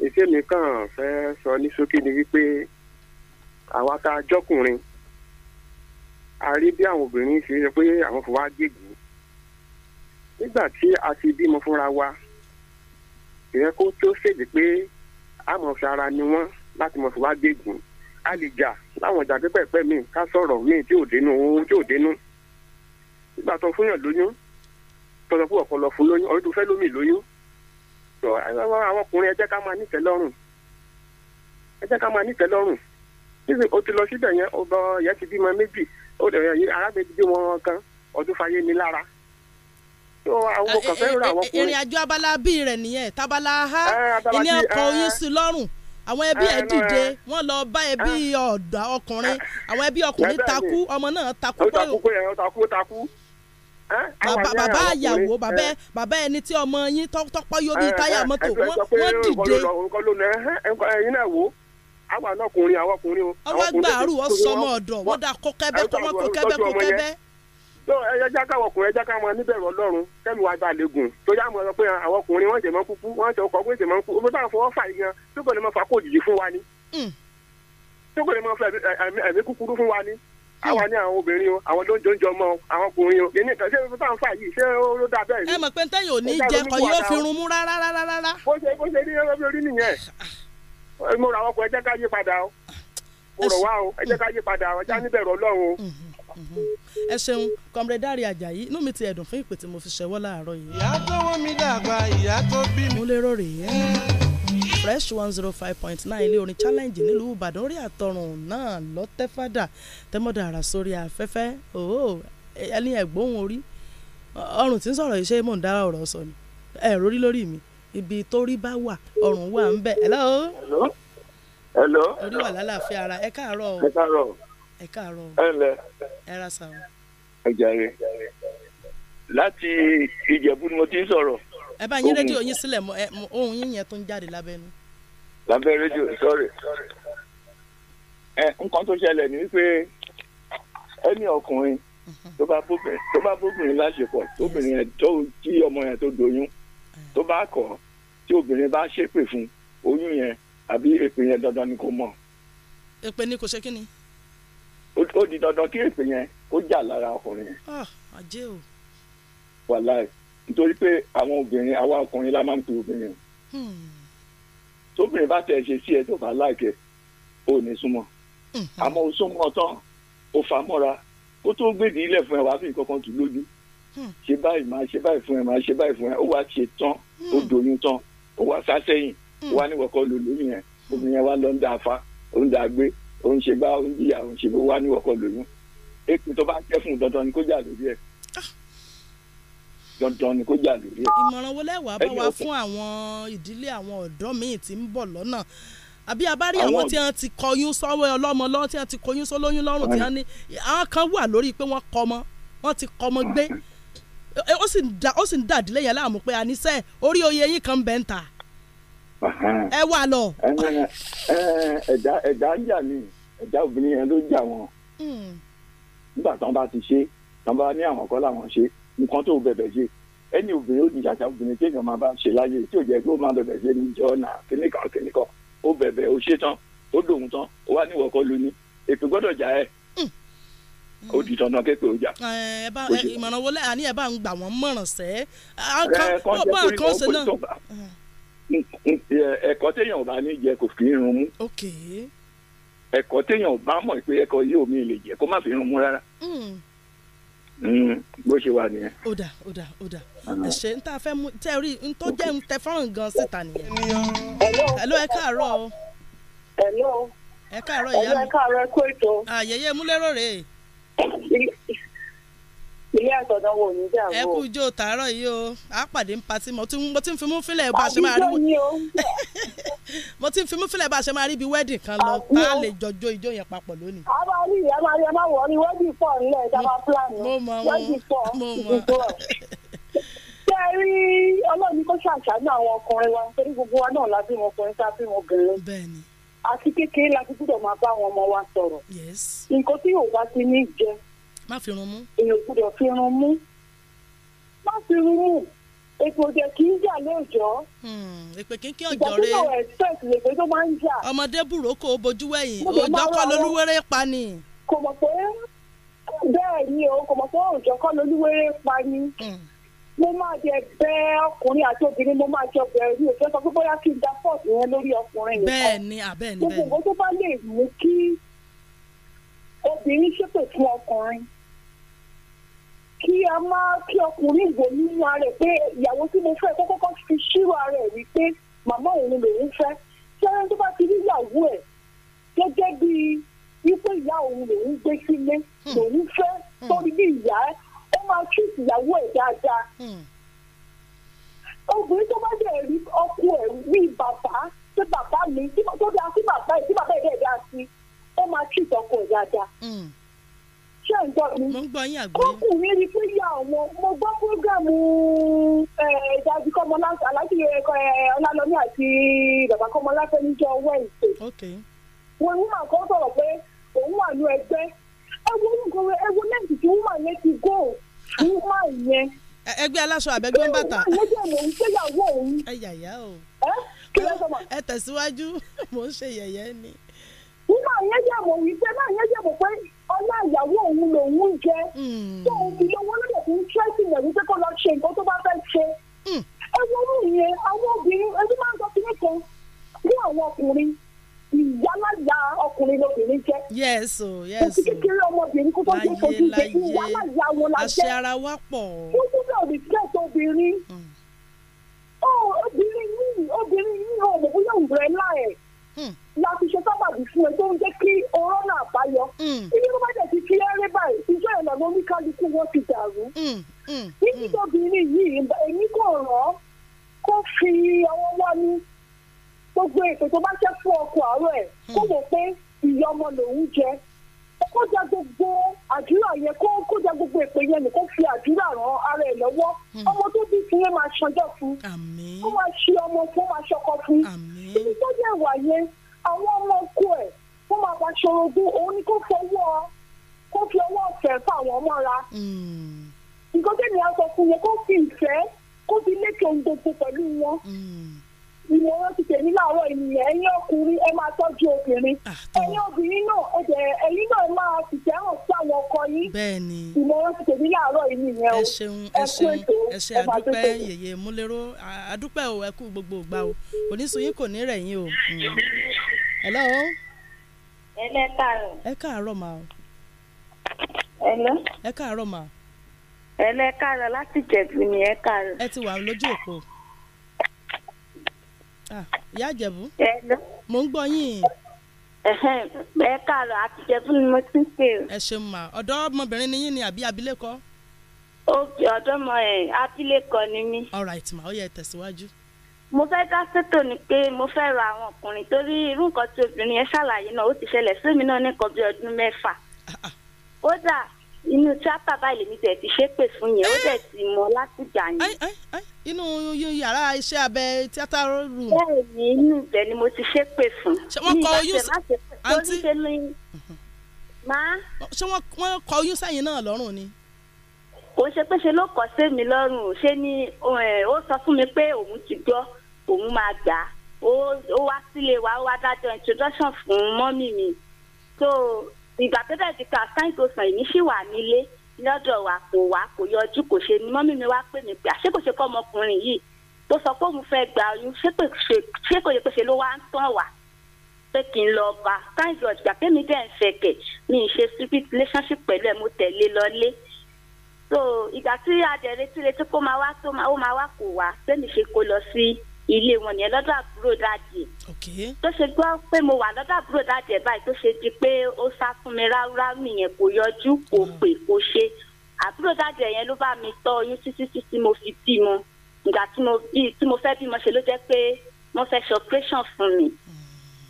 [SPEAKER 5] iṣẹ́ mi kàn fẹ́ sọ ní ṣókí ni wípé àwa tá a jọkùnrin a rí bí àwọn obìnrin ṣe ṣe pé àwọn fún wa gègé nígbà tí a ti bímọ fúnra wa ìyẹn kó tó ṣèdí pé àmọ̀ fi ara ni wọ́n láti mọ̀ fún wa gègé a lè jà láwọn ìjà pípẹ́pẹ́ mi ká sọ̀rọ̀ mi tí ò dénú tí ò dénú nígbà tó fún yàn lóyún tọ́jọ́ fún ọ̀pọ̀ lọ fún lóyún ọdún tó fẹ́ lómi lóyún àwọn ọkùnrin ẹ jẹ́ ká máa nítẹ̀ lọ́rùn ẹ jẹ́ ká máa nítẹ̀ lọ́rùn níbi o ti lọ síbẹ̀ yẹn ọba yẹn ti bímọ méjì arábìnrin ti bímọ kan ọdún fàyè ni lára ìrìn
[SPEAKER 2] àjò abala bíi rẹ̀ nìyẹn tabala ha eh, ìní ọkọ̀ eh, oyún sí lọ́rùn àwọn ẹbí ẹ dìde wọ́n lọ bá ẹbí ah. ọ̀dà ọkùnrin àwọn ẹbí ọkùnrin takú ọmọ náà takú pé ah, bàbá àyàwó bàbá eh. bàbá ẹni tí ọmọ yín tọ́pọ̀ yóò bí eh, táyà eh, mọ́tò wọ́n dìde.
[SPEAKER 5] àwọn ọkùnrin àwọn ọkùnrin. ọwọ́ gbàrú ọ̀sọ́mọ ọ̀dọ̀ wọ́n dà
[SPEAKER 2] kó kẹ́bẹ́ kó kẹ́bẹ́
[SPEAKER 5] kó kẹ́bẹ́ ẹ jẹ́ káwọn ọkùnrin ẹ jẹ́ káwọn níbẹ̀rù ọlọ́run kẹ́mi wàá balẹ̀ gùn tó yá mọ̀ ọ́ pé àwọn ọkùnrin wọ́n jẹ̀ mọ́ kúkú wọ́n jẹ́ ọkọ̀ ọkùnrin jẹ̀ mọ́ kúkú omi táwọn fọwọ́ fà yìí gan tó kò lè mọ fàkó òjijì fún wa ni mm. tó kò lè mọ ẹ̀mí kúkúrú fún wa ni mm. àwa ní àwọn obìnrin o àwọn ló ń jọ ń jọ mọ àwọn ọkùnrin o kì í ní ìtàn ṣé omi táwọn fà yìí ṣé ó dà bẹ́ẹ̀ ni. ẹ mọ̀ pé ntẹ́yìn ò ní jẹ kọ yóò fi run mú rárá rárá rárá. bó ṣe bó ṣe rí orí nìyẹn ah. mo rà wọ́pọ̀ ẹ jẹ́ ká yí padà o mo rọ̀ wá o ẹ jẹ́ ká yí padà o ẹ já mm. níbẹ̀rù ọlọ́run o. Mm-hmm
[SPEAKER 2] ẹ ṣeun comrade Dáre Àjàyí inú mi ti ẹ̀dùn fún ìpè tí mo fi ṣẹwọ́ láàárọ̀ yìí. ìyá tó wọ́n mi dàgbà ìyá tó bí mi. mo lérò rèé fresh one zero five point nine ilé orin challenge nílùú ìbàdàn orí àtọrùn náà lọ́tẹ́fàdà tẹ́mọ́dà àrà sórí afẹ́fẹ́ òó ẹni ẹ̀gbọ́n orí ọrùn tí ń sọ̀rọ̀ iṣẹ́ mò ń dá ọ̀rọ̀ sọ ni ẹ̀ rórí lórí mi ibi tó rí bá wà ọrùn wà ń bẹ̀ hello. hello. hello. orí wà lálàáfíà ara ẹ káàárọ̀ o. ẹ
[SPEAKER 5] káàárọ̀ o ẹ káàárọ̀ o. ẹ lẹ ẹ ra sa o. ẹ jàre láti ìjẹ̀bú ni mo ti ń sọ̀rọ̀. ẹ bá yín rédíò yín
[SPEAKER 2] sílẹ̀ mọ́ ohun yín yẹn tó ń jáde lábẹ́nu.
[SPEAKER 5] lábẹ́ rédíò sọ́ọ̀rì ẹ nǹkan tó ṣẹlẹ̀ ni wípé ẹni ọkùnrin mhm. tó bá bóbìnrin tó bá bóbìnrin láṣepọ̀ tóbìnrin yẹn tó kí ọmọ yẹn tó doyún eh. tó bá kọ̀ tí obìnrin bá ṣépè fún oyún yẹn àbí èpè yẹn dandan ni kò mọ̀. èpè ni kò ṣe kí ni ó di dandan kí èpè yẹn kó jà lára ọkùnrin yẹn. Ah, àjẹ́ o. wàláì nítorí pé àwọn obìnrin àwa ọkùnrin la máa ń pe obìnrin o. Hmm. tóbìnrin bá tẹ̀ ṣe sí ẹ tó bá láìkẹ́ ò ní súnmọ́ hmm. àmọ́ o súnmọ́ tán o fà mọ́ra kó tó gbèdì ilẹ̀ fún ẹ wàá fi nǹkan kan tù lójú hmm. ṣe báyìí máa ṣe báyìí fún ẹ máa ṣe báyìí fún ẹ ó wá ṣe tán ó doyún tán ó wá sá sẹ́yìn ó wá níwọ̀kọ́ lò lóyún yẹn obìnrin yẹn wá lọ ń da afá ó ń da gbé ó ń ṣe gbá ó ń jìyà o ń ṣe bó wá ní ọkọ lóyún èpè tó bá ń kẹfùn dandan ni kó jà lórí ẹ ah. dandan ni kó jà lórí ẹ. ìmọ̀ràn
[SPEAKER 2] wo lẹ́wàá bá wa fún àwọn ìdílé àwọn ọ̀dọ́ míì tí ń bọ̀ lọ́nà àbí abárí àwọn tí wọ́n ti kọyún sọ́wọ́ ọlọ́mọ lọ́wọ́ tí wọ́n ti kọyún sọ́lóyún lọ́rùn tí wọ́n ní àwọn kan wà lórí pé wọ́n kọ́mọ wọ́n ti kọ́mọ gbé ó sì ń dàdílé yẹn láàmú pé àníṣe orí oyè yín kan bẹ́ẹ̀ ń ta
[SPEAKER 5] ẹ wà lọ. ẹ̀dá ẹ̀dá ń jà mí ẹ̀dá obìnrin yẹn ló ń jà wọn. Hmm. nígbà tán bá ti ṣe tán bá ní àwọn kọ́ làwọn ṣe nǹkan tó bẹ̀bẹ̀ ṣe ẹni obìnrin ó di ṣàṣà obìnrin kéèyàn máa bá ṣe láyé tí ò jẹ́ pé ó máa bẹ̀bẹ̀ ṣe níjọ́ náà kíníkan kíníkan ó bẹ̀bẹ̀ ó ṣe tán ó dòun tán ó wá níwọ̀ kọ́ lóní èpè gbọ́dọ̀ jà ẹ́ hmm. ó di dandan kékeré ó
[SPEAKER 2] ẹ bá ìmọ̀ràn wọlé àní ẹ bá ń gbà wọ́n mọ̀ràn sẹ́. ẹ kàn ṣe
[SPEAKER 5] pé kó ẹ̀kọ́ téèyàn bá ní jẹ kò fi irun mú ẹ̀kọ́ téèyàn bá mọ̀ pé ẹ̀kọ́ yìí omi lè jẹ kó má fi irun mú rárá hmm. Hmm, bó ṣe wà nìyẹn.
[SPEAKER 2] ó dà ó dà ó dà ah. ẹ ṣe ń tá a fẹ́ mú tẹ rí n tó jẹ́ ń tẹ fọ́nrán gan síta nìyẹn. hello ẹ káàárọ̀ o. hello ẹ káàárọ̀ ìyá mi. hello ẹ káàárọ̀ ẹ kó ètò. àyẹyẹ ah, múlẹ́rọ̀ rèé ìpínlẹ̀ àtọ̀dán wo ní ìjà wo. ẹ kú ijó tàárọ̀ yìí o a pàdé ń patí mo ti mo ti ń fimú fílẹ̀ bá a ṣe máa rí mo ti ń fimú fílẹ̀ bá a ṣe máa rí ibi wedding kan lọ tá a lè jọjọ ijó yẹn papọ̀ lónìí.
[SPEAKER 6] a máa rí ìyá máa rí ẹ máa wọ̀ ní wedding pọ̀ nílẹ̀ ìjọba fúlàní wedding pọ̀ ìdìbò ṣe rí ọlọ́run kó ṣàṣàánú àwọn ọkùnrin wa torí gbogbo wa náà la bímọ ọkùnrin tá a bímọ obìnrin. àti kékeré la ti gbúdọ̀ máa bá àwọn ọmọ wa sọ̀rọ̀. nǹkan tí yóò bá ti ní jẹ má fi irun mú. èèyàn gbọ́dọ̀ fi irun mú má fi irun mú èpò jẹ
[SPEAKER 2] kì í jà lóòjọ́. èpè hmm, kì í kí ọjọ́ rẹ ìgbà tí mo expect lèpè tó máa ń jà. ọmọdé burúkú bojú wẹ̀yìn ọjọ́ kọ́ lolúwẹ́rẹ́ pa ni. kò mọ̀ pé
[SPEAKER 6] bẹ́ẹ̀ ni o kò mọ̀ pé òòjọ́ kọ́ lolúwẹ́rẹ́ pa ni hmm. mo máa jẹ bẹ́ẹ̀ ọkùnrin àti obìnrin mo máa jọ bẹ̀rẹ̀ mi ò fẹ́ sọ pé bóyá kí n da fọ́ọ̀tù yẹn lórí ọkùnrin nìkan. bẹ́ẹ̀ ni àbẹ́ẹ̀ ni bẹ́ẹ̀ ni. gbogbo nǹkan tó bá lè mú kí obìnrin ṣépè fún ọkùnrin kí a máa kí ọkùnrin ìwò nínú ara ẹ̀ pé ìyàwó tí mo fẹ́ kókó kan fi ṣírò ara ẹ̀ rí pé màmá òun lòún fẹ́ sẹ́yìn tó bá ti rí ìyàwó ẹ̀ gẹ́gẹ́ bí wípé ìyá òun lòún gbé sílé hmm. lòún fẹ́ torí hmm. bí ìyá ó máa tú ìyàwó ẹ̀ dáadáa hmm. obìnrin tó bá dẹ̀ rí ọkọ ẹ̀ rí bàbá pé bàbá mi tó dáa sí bàbá ẹ̀ tí bàbá ẹ̀ dẹ̀ dáa sí ó máa tú ìtọ́kọ̀ ẹ̀ dáadáa ṣé ń gbọ́ mi. mo ń gbọ́ yín àgbẹ̀. ọkùnrin ni pé yà ọmọ mo gbọ́ fúrógàmù ìdájú kọ́mọláṣẹ aláṣẹ ọlálọ́mí àti bàbá kọ́mọláṣẹ níjọ wẹ́ǹsì. wọn ń mà kọ́ sọ̀rọ̀ pé òun wà ní ẹgbẹ́ ẹ wo nǹkan rẹ ẹ wo lẹ́ǹtì
[SPEAKER 2] tí wọ́n mà yẹn ti gò wọ́n mà yẹn. ẹgbẹ́ aláṣọ àbẹ́gbẹ́ ń bàtà. ẹ wọ́n mà yẹn ṣèyàwó òun. ẹ yàyà o. ẹ kí ló sọ ma. ẹ tẹ̀síwájú mò ń ṣe yẹ̀yẹ́ ni. wọ́n mà yẹn jẹ́ mọ̀ wípé náà yẹn jẹ́ mọ̀ pé ọlá ìyàwó òun
[SPEAKER 6] jẹ tó ń fi fún tírẹ́sì rẹ̀ wípé kó lọ ṣe nǹkan tó bá fẹ́ ṣe. Hmm. ẹ wo ní ìyẹn àwọn obìnrin ẹni máa ń sọ sí nìkan ní àwọn ọkùnrin ìyálàyà ọkùnrin lóbìnrin jẹ. yẹ́sù oh, yẹ́sù kò sí oh. kékeré ọmọbìnrin kó tó jẹ́ fojú jẹ ìyálàyà wọn la jẹ́. àṣẹ ara wa obìnrin. ó hmm. oh, obìnrin yìí obìnrin yìí ò mọ̀ bóyá òǹgbẹ̀rẹ̀ láì. Hmm la fi ṣe sábàbí fún ẹ tó ń jẹ́ kí ọ̀rọ̀ náà báyọ. Mm. ibi tó bá dẹ̀ ti fi ẹrẹ́ báyìí ìjọ ìlànà oníkálukú wọn ti dàrú. níbi mm, mm, yìí èmi kò rọ̀ kó fi ọwọ́ wá ní gbogbo ètò tó bá jẹ́ fún ọkọ̀ àárọ̀ ẹ̀ kó wò pé ìyá ọmọ lòún jẹ kó ja gbogbo àdúrà yẹn kó kó ja gbogbo èpè yẹn nìkan fi àdúrà ràn ara ẹ lọ́wọ́ ọmọ tó bí fi yẹn máa ṣanjọ́ fún kó máa ṣe ọmọ fún máa ṣọkọ fún ibi tó yẹ wà yẹn àwọn ọmọ ọkọ ẹ̀ tó máa bá ṣòrojú òun ni kó fọwọ́ kó fi ọwọ́ ọ̀fẹ́ fà wọ́n mọ́ra.
[SPEAKER 1] Hmm.
[SPEAKER 6] nǹkan tẹ̀lé aṣọ fún yẹn kó fi ìfẹ́ kó fi lékè ohun gbogbo pẹ̀lú wọn. Hmm. ìyẹn ló ti tèmi láàárọ̀ ènìyàn ọkùnrin ẹ máa tọ́jú obìnrin ah, ẹ̀yin obìnrin náà ẹ̀jẹ̀ ẹ̀yin náà máa ṣiṣẹ́ hàn sí ọkọ yín bẹ́ẹ̀ni ìmọ̀ràn ti tèmi láàárọ̀ ènìyàn o ẹ ṣeun ẹ ṣeun ẹ ṣe
[SPEAKER 2] àdúpẹ́ àdúpẹ́ o ẹ kú gbogbo o kò ní rẹ̀ yín o. ẹlẹ́ Ah, ìyá àjẹ̀bú mò ń gbọ́ yín.
[SPEAKER 7] ẹ káàárọ̀ àti jẹ̀bú ni mo ti ń pè o. ẹ ṣeun ma ọ̀dọ́ ọmọbìnrin ni yín ni àbí abilékọ. ó fi ọ̀dọ́ mọ ẹ̀ abilékọ ni mí. all right ma ó yẹ tẹ̀síwájú. mo fẹ́ ká sétò ni pé mo fẹ́ ra àwọn ọkùnrin torí irú nǹkan tí obìnrin yẹn ṣàlàyé náà ó ti ṣẹlẹ̀ sí náà nìkan bí ọdún mẹ́fà. kódà ah, ah inú tíátà báyìí lèmi tẹ̀ ti ṣépè fún yẹn ó dẹ̀ ti mọ láti gbà yẹn. inú yàrá iṣẹ́ abẹ tíátà rúùmù. bẹ́ẹ̀ni inú ibẹ̀ ni mo ti ṣépè fún. ṣé wọ́n kọ
[SPEAKER 2] oyún sí àǹtí mhm. ṣé wọ́n kọ oyún sẹ́yìn náà
[SPEAKER 7] lọ́rùn ni kò ń ṣe pé ṣe ló kọ sí mi lọ́rùn ṣé ni ó sọ fún mi pé òun ti gbọ́ òun máa gbà á ó wá sílé wa ó wá dájọ́ introduction fún mọ́mì mi so ìgbà tó dẹ̀ di pé àṣàyìn tó sàn èmi ṣì wà nílé lọ́dọ̀ wa kò wá kò yọjú kò ṣe ni mọ́mí mi wá pè mí pé àṣé kò ṣe kọ́ ọmọkùnrin yìí tó sọ pé òun fẹ́ gba oyún ṣé kò ṣe pé ṣe ló wá ń tàn wá pé kí n lọ bá thank God gbà kémi dẹ̀ ń fẹ̀kẹ̀ mi ì ṣe stupid relationship pẹ̀lú ẹ̀ mo tẹ̀lé lọlé so ìgbà tí adẹ̀rẹ̀ tí retí kó máa wá tó máa wá kò wá sẹ́mi ṣe kó lọ sí ilé wọn yẹn lọ́dọ̀ àbúrò dáàdì. tó ṣe gbọ́ pé mo wà lọ́dọ̀ àbúrò dáàdì ẹ̀ báyìí tó ṣe di pé ó sá fún mi ráúráú nìyẹn kò yọjú kò ah. pè kò ṣe àbúrò dáàdì ẹ̀ yẹn ló bá mi tọ́ oyún títí títí mo fi bímọ ìgbà tí mo bí tí mo fẹ́ bímọ ṣe ló jẹ́ pé wọ́n fẹ́ ṣe operation fún mi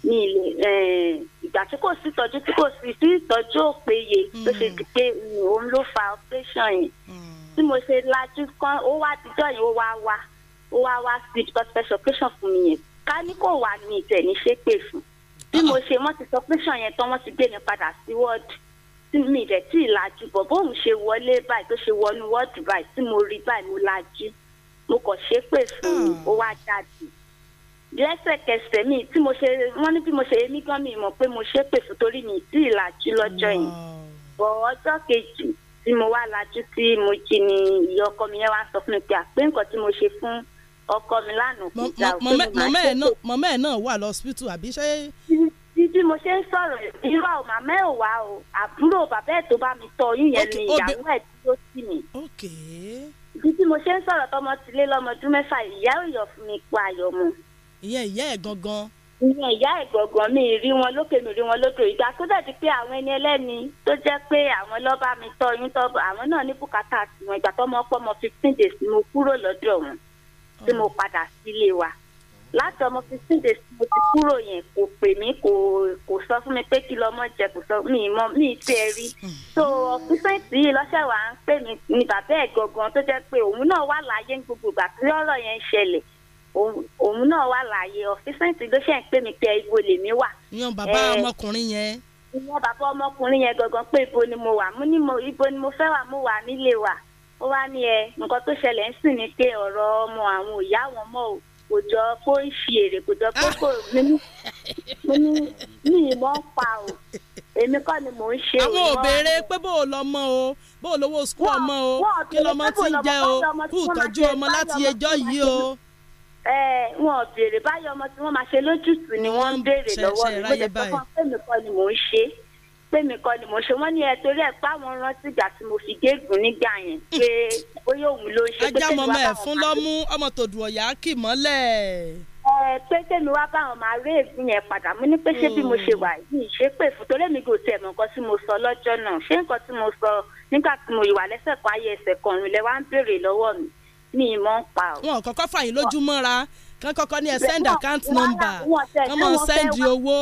[SPEAKER 7] ní ilé eh, ìgbà tí kò sí ìtọ́jú tí kò sí sí ìtọ́jú ò péye tó ṣe di pé òun ló fa operation yẹn hmm. tí mo ṣe lajú kan ó wá àtijọ́ yẹn ó wá wá ó wá wá sí because special operation fún mi yẹn ká ní kò wá ní ìtẹ̀ ní ṣé pè fún bí mo ṣe wọ́n ti sọ operation yẹn tán wọ́n ti gbé mi padà sí wọ́ọ̀dù tí mi rẹ̀ tí ì lajú bọ̀ bóun ṣe wọlé báyìí tó ṣe wọnú wọ́ọ̀dù báyìí tí mo rí báyìí mo lajú mo kàn ṣe pè fún un ó wá jáde lẹ́sẹ̀kẹsẹ̀ mi tí mo ṣe wọ́n ní bí mo ṣe yé mí gan mi mọ̀ pé mo ṣe pè fún torí mi tí ì lajú lọ́jọ́ yẹn bọ̀ ọjọ́ kejì tí mo wá lajú tí mo jí ni ìyá ọkọ mi yẹn wá sọ fún mi pé àpé nǹkan tí mo ṣe fún ọkọ mi lánàá kúta òkú mi máa ṣe kó.
[SPEAKER 2] mọ̀mọ́ ẹ̀ náà wà lọ́sibítù àbí ṣé.
[SPEAKER 7] títí mo ṣe ń sọ̀rọ̀ irọ́ ò màmá ẹ̀ wá o àbúrò bàbá ẹ̀ tó bá mi tọ́ yín yẹn ni ìyàwó ẹ̀ tí ó sì mí. títí mo ṣe ń sọ̀rọ̀ tọmọ ti lé lọ́mọdún mẹ́fà ìyá òyọ̀ fún mi pa ayọ̀ mu. ìyẹn ìyá ẹ̀ gangan. ìyẹn ìyá ẹ̀ gangan mi rí wọn lókè mi rí wọn lódò ìgbà tó dẹ̀ di pé àwọn ẹni ẹlẹ́ni tó jẹ́ pé àwọn lọ́ba mi tọ́ yín tọ́ àwọn náà ní bùkátà tiwọn ìgbà tọmọ ọpọ́ mọ fifteen days ni mo kúrò lọ́dọ̀ wọn tí mo padà sílé wa láti ọmọ fifteen days mo ti kúrò yẹn kò pè mí kò sọ fún mi pé kí lọmọ jẹ kò sọ mi mọ mi tí ẹ rí hmm. so ọfíìsẹ́ǹtì yìí lọ́sẹ̀ wà ń pè mí ni bàbá ẹ̀ gangan tó jẹ́ pé òun náà wà láàyè ní gbogbo ìgbà tí ọ̀rọ̀ yẹn ń ṣẹlẹ̀ òun náà wà láàyè ọfíìsẹ́ǹtì ló ṣe ń pè mí pé ibo lèmi wà. yan bàbá ọmọkùnrin yẹn. yan bàbá ọmọkùnrin yẹn gangan pé ibo ni mo wà mo ní ibo ni mo fẹ́ wà mo wà nílé wa ó wá ní ẹ nǹkan tó ṣẹlẹ̀ ń sìn ni pé ọ̀rọ̀ ọmọ àwọn ìyá àwọn mọ́ ò kò jọ kó ìfi èrè kò jọ kó kò ah! mímú
[SPEAKER 2] ní ìmọ̀ ń pa o èmi kọ́ ni mò ń ṣe
[SPEAKER 6] ìmọ̀. àwọn òbèrè
[SPEAKER 2] pé bó o lọ mọ o
[SPEAKER 7] bó o lówó sukúù ọmọ o kí lọmọ ti ń jẹ o kú ìtọ́jú ọmọ láti ẹjọ́ yìí o wọn ò béèrè báyọ̀ ọmọ tí wọ́n máa ṣe lójútùú ni wọ́n ń béèrè lọ́wọ́ mi ló dé pé kọ́ ni mò ń ṣe pé mi kọ́ ni mo ṣe wọ́n ní ẹ torí ẹ páwọn rántí ìgbà tí mo fi géègùn nígbà yẹn pé bóyá òun ló ṣe pé tèmi wá báwọn máa ẹ fún
[SPEAKER 2] lọ́mú ọmọ tòdù ọ̀yá
[SPEAKER 7] kì mọ́lẹ̀. ẹ pé tèmi wá báwọn máa rí ègún yẹn padà mo ní pé ṣé bí mo hmm. ṣe wà yìí ṣé pé fún torí èmi kò tiẹ̀ mọ̀ nǹkan tí mo sọ lọ́jọ́ náà ṣé nǹkan tí mo sọ nígbà tí mo ìwà lẹ́sẹ̀ kan ayé ẹsẹ̀ kan òun lẹ ń béèrè lọ́wọ́ mi ní ìmọ̀ kán kọ́kọ́ e ní ẹ send account number kán mọ̀ send owó.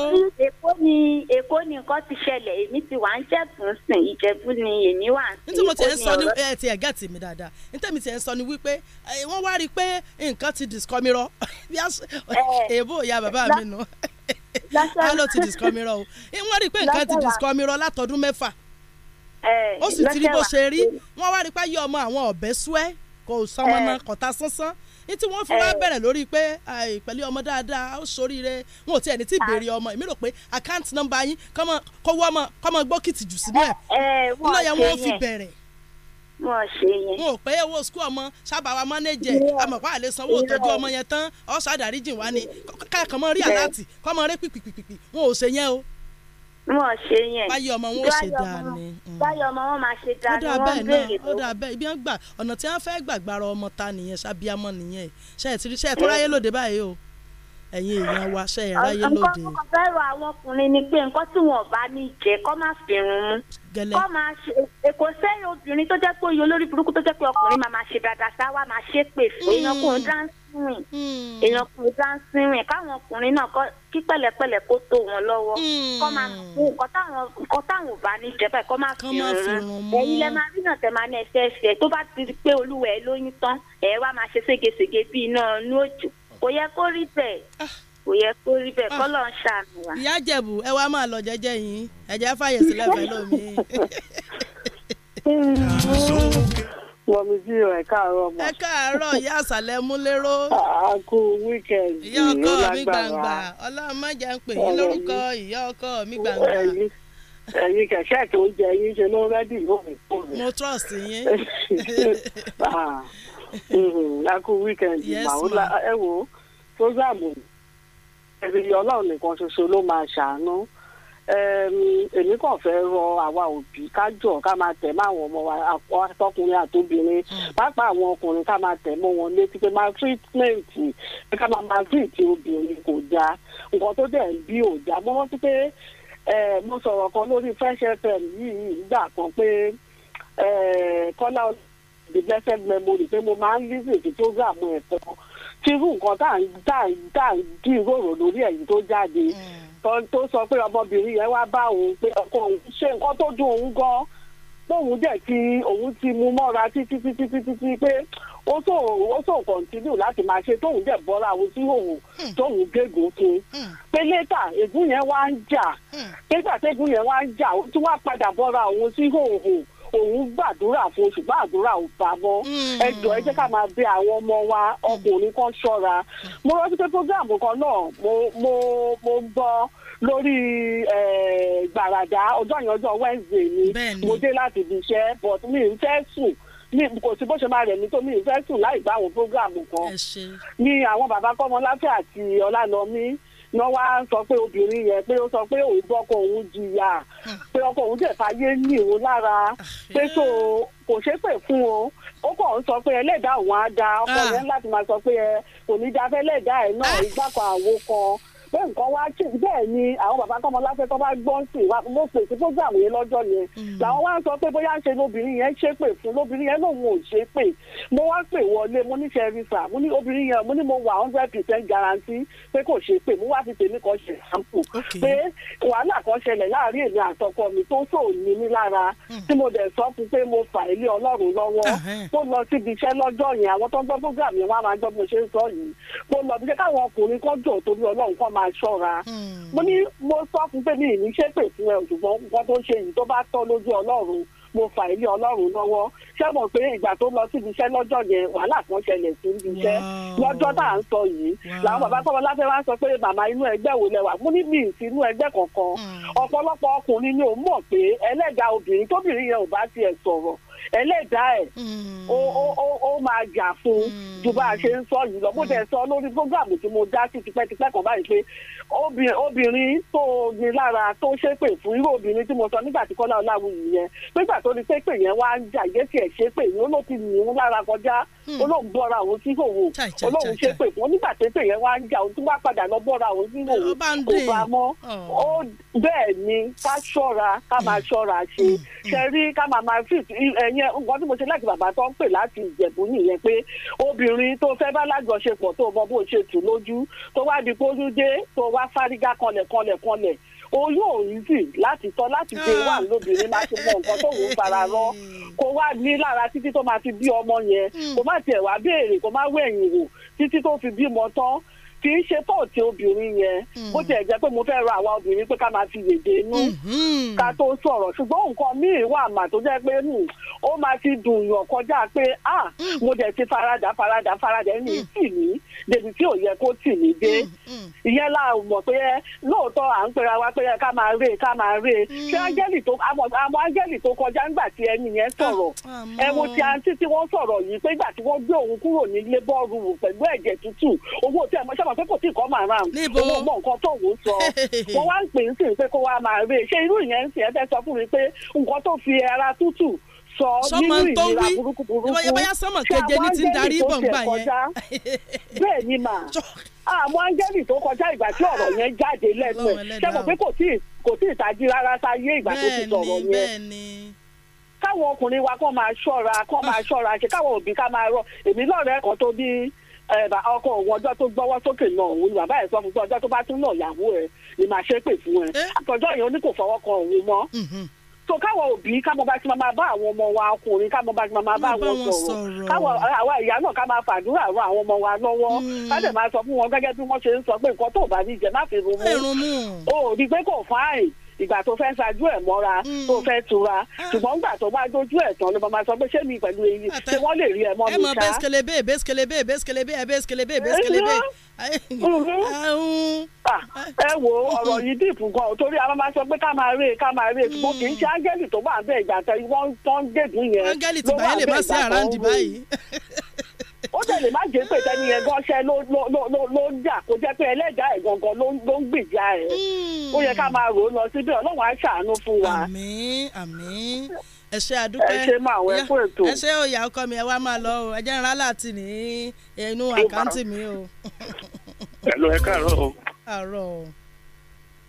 [SPEAKER 7] èkó ni èkó ni nǹkan ti ṣẹlẹ̀ èmi ti wà ń jẹ̀bùn sìn ìjẹ̀bù ni èmi wà ń sìn. nítorí mo ti ẹ ń sọ ní
[SPEAKER 2] ẹ ti ẹ gẹ́ẹ̀tì mi dáadáa
[SPEAKER 7] nítorí mi ti ẹ ń sọ ní wípé wọ́n wá rí i pé nǹkan
[SPEAKER 2] ti discover mi rọ èèbò ìyá bàbá mi nù wọ́n ló ti discover mi rọ o wọ́n rí i pé nǹkan ti discover mi rọ látọdún mẹ́fà
[SPEAKER 7] ó sì ti rí bó ṣe rí
[SPEAKER 2] wọ́n wá rí i pé ayé ọmọ àwọn ọ̀bẹ sú ẹ́ kò sọmọ náà kọ̀tà sánsán ní tí wọ́n fi wá eh. bẹ̀rẹ̀ lórí pé pẹ̀lú ọmọ dáadáa ó ṣoríire wọn ò tiẹ̀ ní tí béèrè ọmọ èmi rò pé àkáǹtì nọ́mbà yín kọ́wọ́ ọmọ kọ́mọ gbókìtì jù síbẹ̀ ńlọ eh, eh, yẹn wọn ò fi bẹ̀rẹ̀ wọn ò ṣe yẹn. wọn ò pé owó sukú ọmọ sábà wa mánéjẹ amọ̀pá àlẹ́ sanwó òtọ́jú ọmọ yẹn tán ọ̀sán àdáríjì wa ni káàkàn mọ́ rí àláàtì kọ́mọ rẹ́ pìpìpìpì wọn ò ṣe yẹn o wọn ṣe yẹn báyọ̀ ọmọ wọn ò ṣe dáa
[SPEAKER 1] ni
[SPEAKER 7] báyọ̀ ọmọ wọn máa ṣe
[SPEAKER 2] dáa ni wọ́n béèrè tó ó dà bẹ́ẹ̀ ibi wọn gbà ọ̀nà tí wọ́n fẹ́ gbàgbára ọmọ ta nìyẹn ṣàbíamọ nìyẹn ṣe ẹ̀ tí ṣe ẹ̀ tó ráyè lóde báyìí o ẹ̀yin èèyàn wa ṣe ẹ̀ ráyè lóde. nǹkan tó
[SPEAKER 7] fẹ́ rọ àwọn ọkùnrin ni pé nǹkan tí wọn bá ní jẹ kọ́ máa fìrùn mu kọ́ máa ṣe èkó e, sẹ́yìn obìnrin tó jẹ́ pé oyè olórí burúkú tó jẹ́ pé ọkùnrin máa máa ṣe dáadáa sáwà máa ṣépè fún ìyànkùn mm. dáńsì rìn hmm. èèyàn kò já sí rìn káwọn ọkùnrin náà kí pẹ̀lẹ́pẹ̀lẹ́ kó tó wọn lọ́wọ́ hmm. kó máa kó nǹkan táwọn nǹkan táwọn ò bá ní jẹba kó máa fi rán ẹ̀yin lẹ máa rí náà tẹ máa ní ẹsẹ̀ ẹsẹ̀ tó bá ti pé olúwa ẹ lóyún tán ẹ wá máa ṣe ségesège bíi iná inú òjò kò yẹ kó rí bẹ́ẹ̀ ah. kò yẹ kó rí bẹ́ẹ̀ ah. kọ́ lọ́ọ́ ṣàánú wa. ìyá jẹ̀bù
[SPEAKER 2] ẹ wá máa lọ jẹ́jẹ́ yín ẹ̀jẹ̀ fàyè sílẹ̀ fẹ́ lómi. wọmi sí ẹ káàárọ̀ mọ. ẹ káàárọ̀ ìyá àṣàlẹ̀ múlẹ́rọ́. a kú wíkẹ́ndì ìyá
[SPEAKER 1] ọkọ mi gbangba
[SPEAKER 2] ọlọ́mọjà ń pè yín lórúkọ ìyá ọkọ mi gbangba. ẹyin kẹ̀kẹ́ tó ń jẹ yín ṣe ló rẹ́dì lómi. mo trust yín. a kú wíkẹ́ndì màá
[SPEAKER 6] ẹ wo program
[SPEAKER 1] ẹ̀rí ọlọ́run
[SPEAKER 6] nìkan ṣoṣo ló máa ṣàánú èmi kàn fẹ́ rọ àwa òbí ká jọ ká máa tẹ̀ mọ́ àwọn ọmọ wa àtọkùnrin àtobìnrin pápá àwọn ọkùnrin ká máa tẹ̀ mọ́ wọn létí pé máa tírítímẹ̀ǹtì ká máa máa tírítímẹ̀ǹtì obìnrin kò dáa nǹkan tó dẹ̀ ń bí ò dáa mo rántí pé mo sọ̀rọ̀ kan lórí fresh fm yìí gbà kan pé kọ́lá the blessed memory pé mo máa ń lísìn sí program ẹ̀kọ́ tírú nǹkan tá à ń dìrò lórí ẹ̀yìn tó jáde. Mm sọ tó sọ pé ọmọbìnrin yẹn wá bá òun pé ọkọ òun ṣe nǹkan tó dùn òun gan tóun dẹ̀ ti òun ti mú mọ́ra títí títí títí tí pé ó sò ó sò kọ̀ǹtínú láti máa ṣe tóun dẹ̀ bọ́ra òun sí òwò hmm. tóun gégùn fún hmm. pé létà ègún yẹn wá ń jà hmm. létà tégún yẹn wá ń jà ó tún wá padà bọ́ra òun sí òwò òun gbàdúrà fún ṣùgbọ́n àdúrà ò bá mọ́ hmm. ẹ jọ̀ọ́ ẹ jẹ́ ká máa bẹ̀ àwọn ọmọ wa ọkùnrin kan ṣọ́ra mo rántí pé program kan náà mo mo mo gbọ́ lórí gbàràdà ọjọ́ yẹn ọjọ́ Wednesday ni mo dé láti ibi iṣẹ́ but mi ń fẹ́ sùn mi kò sí bó ṣe máa rẹ̀ mí tó mi ń fẹ́ sùn láì bá àwọn program kan ni àwọn bàbá kọ́mọláfẹ́ àti ọlálọ́mí ni wọ́n wá sọ pé obìnrin yẹn pé ó sọ pé òun bọ́kọ òun jìyà pé ọkọ òun dẹ̀ fàyè ní òun lára ah. pé tó kò ṣe pè fún o ó kàn ń sọ pé ẹlẹ́dàá òun á da ọkọ yẹn ah. láti máa sọ pé ẹ kò ní dáfẹ́ lẹ́dàá ẹ̀ náà ah. ìgbàkan àwo kan pé nǹkan wá kí bẹ́ẹ̀ ni àwọn bàbá tọmọláfẹ́ tó bá gbọ́n sí wa mo pè sí program yẹn lọ́jọ́ yẹn mm. làwọn wá ń sọ pé bóyá ń ṣe lóbìnrin yẹn ṣe pè fún lóbìnrin yẹn lòun ò ṣe pè mo wá pè wọlé mo ní ṣẹ́rí sà mo ní obìnrin yẹn mo ní mo wà hundred percent guarantee pé kò ṣe pè mo wá fi tèmi kan ṣe sample pé wàhálà kan ṣẹlẹ̀ láàrin èmi àtọkọ mi tó sò ní mi lára mm. tí mo dẹ̀ sọ fún pé mo fà ilé ọlọ́run lọ́wọ́ mo lọ síbi iṣẹ́ lọ́jọ́ yẹn àwọn tó ń gbọ́ program máa ṣọ́ra hmm. mo ní mo sọ fún pé mi ì ní ṣépè òṣùgbọ́n nǹkan tó ṣe yìí tó bá tọ́ lójú ọlọ́run mo fà ilé ọlọ́run lọ́wọ́ ṣé mo pé ìgbà tó lọ síbi iṣẹ́ lọ́jọ́ yẹn wàhálà kan ṣẹlẹ̀ sí ibi iṣẹ́ lọ́jọ́ tá à ń sọ yìí làwọn bàbá tọ́wọ́ láfẹ́ wá sọ pé màmá inú ẹgbẹ́ wo lẹ wà mo ní mi sí inú ẹgbẹ́ kankan hmm. ọ̀pọ̀lọpọ̀ ọkùnrin ni ò mọ̀ pé ẹlẹ́gàá obìnrin tóbìnrin yẹn ò bá tiẹ̀ sọ̀rọ̀ ẹlẹ́dàá ẹ̀ hmm. ó máa jà fún hmm. ju bá a ṣe ń sọ yìí lọ bó tẹ̀ sọ lórí fúgàmù tí mo dá sí tipẹ́tipẹ́ kan báyìí pé obìnrin tó ní lára tó ṣépè fún irú obìnrin tí mo sọ nígbà tí Kọ́lá yẹn nígbà tó ní yẹn wá ń jà yé tiẹ̀ ó ló ti nì lára kọjá olóhùn hmm. bọ́ra òun sí olóhùn fún nígbà yẹn wá ń jà òun tún wá padà lọ bọ́ra òun sí kò bá mọ́ oh. bẹ́ẹ̀ yẹn nǹkan tí mo ṣe láti bàbá tó ń pè láti ìjẹ̀bú nìyẹn pé obìnrin tó fẹ́ bá lájọṣepọ̀ tó mọ bó ṣe tù lójú tó wá di pójú dé tó wá fárígá kanlẹ̀ kanlẹ̀ kanlẹ̀ o yóò easy láti tọ́ láti gbé wà ah. lóbìnrin máa ti mọ nǹkan tó ń fara rọ kó wá ní lára títí tó máa fi bí ọmọ yẹn hmm. kó má tiẹ̀ wá béèrè kó má wẹ̀yìn wò títí tó fi bímọ tán kì í ṣe fọ́ọ̀tì obìnrin yẹn bó tiẹ̀ jẹ́ pé mo fẹ́ ra àwa obìnrin pé ká máa fi yèdè inú ká tó sọ̀rọ̀ ṣùgbọ́n nǹkan míì wà mà tó jẹ́ pé ó máa ti dùn yàn kọjá pé ah mo jẹ́ ti farada farada farada ẹni tì mí débi tí ò yẹ kó tì mí dé ìyẹn mọ̀ pé lóòótọ́ à ń pera wa pé ká máa rè ká máa rè ṣé áńgẹ́lì tó àmọ́ áńgẹ́lì tó kọjá ńgbà tí ẹni yẹn sọ̀rọ̀ ẹ ti àǹtí tí wọ́n sọ̀rọ̀ yìí pé ìgbà tí wọ́n gbé òun kúrò nílé bọ́ọ̀rù pẹ̀lú ẹ̀jẹ̀ tútù owó mọ̀ pé kò tí kọ́ màá ràn níbo mo mọ nǹkan tó wò ó sọ mo wá ń pè é sí pé kó wá máa rè ṣé irú ìyẹn ń sìn ẹ́ fẹ́ sọ fún mi pé nǹkan tó fi ara tútù sọ nínú ìlera burúkú burúkú ṣé àwọn áńgẹ́lì tó ṣe kọjá bẹ́ẹ̀ ni mà àwọn áńgẹ́lì tó kọjá ìgbà tí ọ̀rọ̀ yẹn jáde lẹ́nu ẹ̀ ṣé mọ̀ pé kò tí kò tí ì tají rárá sáyé ìgbà tó ti sọ̀rọ̀ yẹn káwọn ọkùnrin wa kọ́ máa ṣọ́ra kọ́ máa ṣọ́ra ṣe káwọn òbí ká máa rọ èmi lọ́rẹ̀ẹ́ kan tó bí ọkọ òun ọjọ́ tó gbọ́wọ́ sókè náà òun ni bàbá ẹ̀ sọ fún pé ọjọ́ tó bá tún náà ìyàwó ẹ̀ ni màá ṣe é pè fún ẹ àtọjọ́ yẹn ó kò fọwọ́ kan òun mọ́ mm-hmm. so káwọn òbí káwọn bá ti máa bá àwọn ọmọ wa ọkùnrin káwọn bá ti máa bá wọn sọ̀rọ̀ káwọn àwa ìyá náà ká máa fàdúrà ran àwọn ọmọ wa lọ́wọ́ mm. káde máa sọ fún wọn gẹ́gẹ́ bí wọ́n ṣe ń sọ pé nǹkan tó bá ní má fi rún mú o rí pé kò fáìn ìgbà tó fẹ́ ṣáájú ẹ̀ mọ́ra tó hmm. fẹ́ tura ah. ṣùgbọ́n ìgbà tó bá dojú ẹ̀ tán ló máa
[SPEAKER 2] sọ pé ṣé mi pẹ̀lú eyín ṣé wọ́n lè rí ẹ mọ́ mi ṣá. ẹ mọ bẹ́sikẹlẹ́bẹ́ bẹ́sikẹlẹ́bẹ́ bẹ́sikẹlẹ́bẹ́ bẹ́sikẹlẹ́bẹ́ ah, bẹ́sikẹlẹ́bẹ́. ẹ wo ọ̀rọ̀ yìí dìpù gan torí
[SPEAKER 6] àwọn máa sọ pé ká máa rèé ká máa rèé ṣùgbọ́n kì í ṣe hmm. áńgẹ́lì tó bá ń bẹ ìgbà tẹ wọ́n tán dègún yẹn.
[SPEAKER 2] áńgẹ́lì tìgbà yẹn lè má sí àràǹdì báyìí.
[SPEAKER 6] ó dẹ̀ má jẹ́ pé lo yẹn gánṣẹ́ ló ló ń jà kó jẹ́ pé ẹlẹ́dàá ẹ̀ gangan ló ń gbìjà ẹ̀ hmm. ó yẹ ká máa rò
[SPEAKER 2] ó lọ ọlọ́run á ṣàánú fún wa. àmín àmín ẹ ṣé àdúpẹ́ ẹ máa wẹ fún ètò ọkọ mi ẹ wá lọ o ẹ jẹ́ ń láti mi o.
[SPEAKER 5] ẹ ẹ káàárọ̀ o. àárọ̀ o.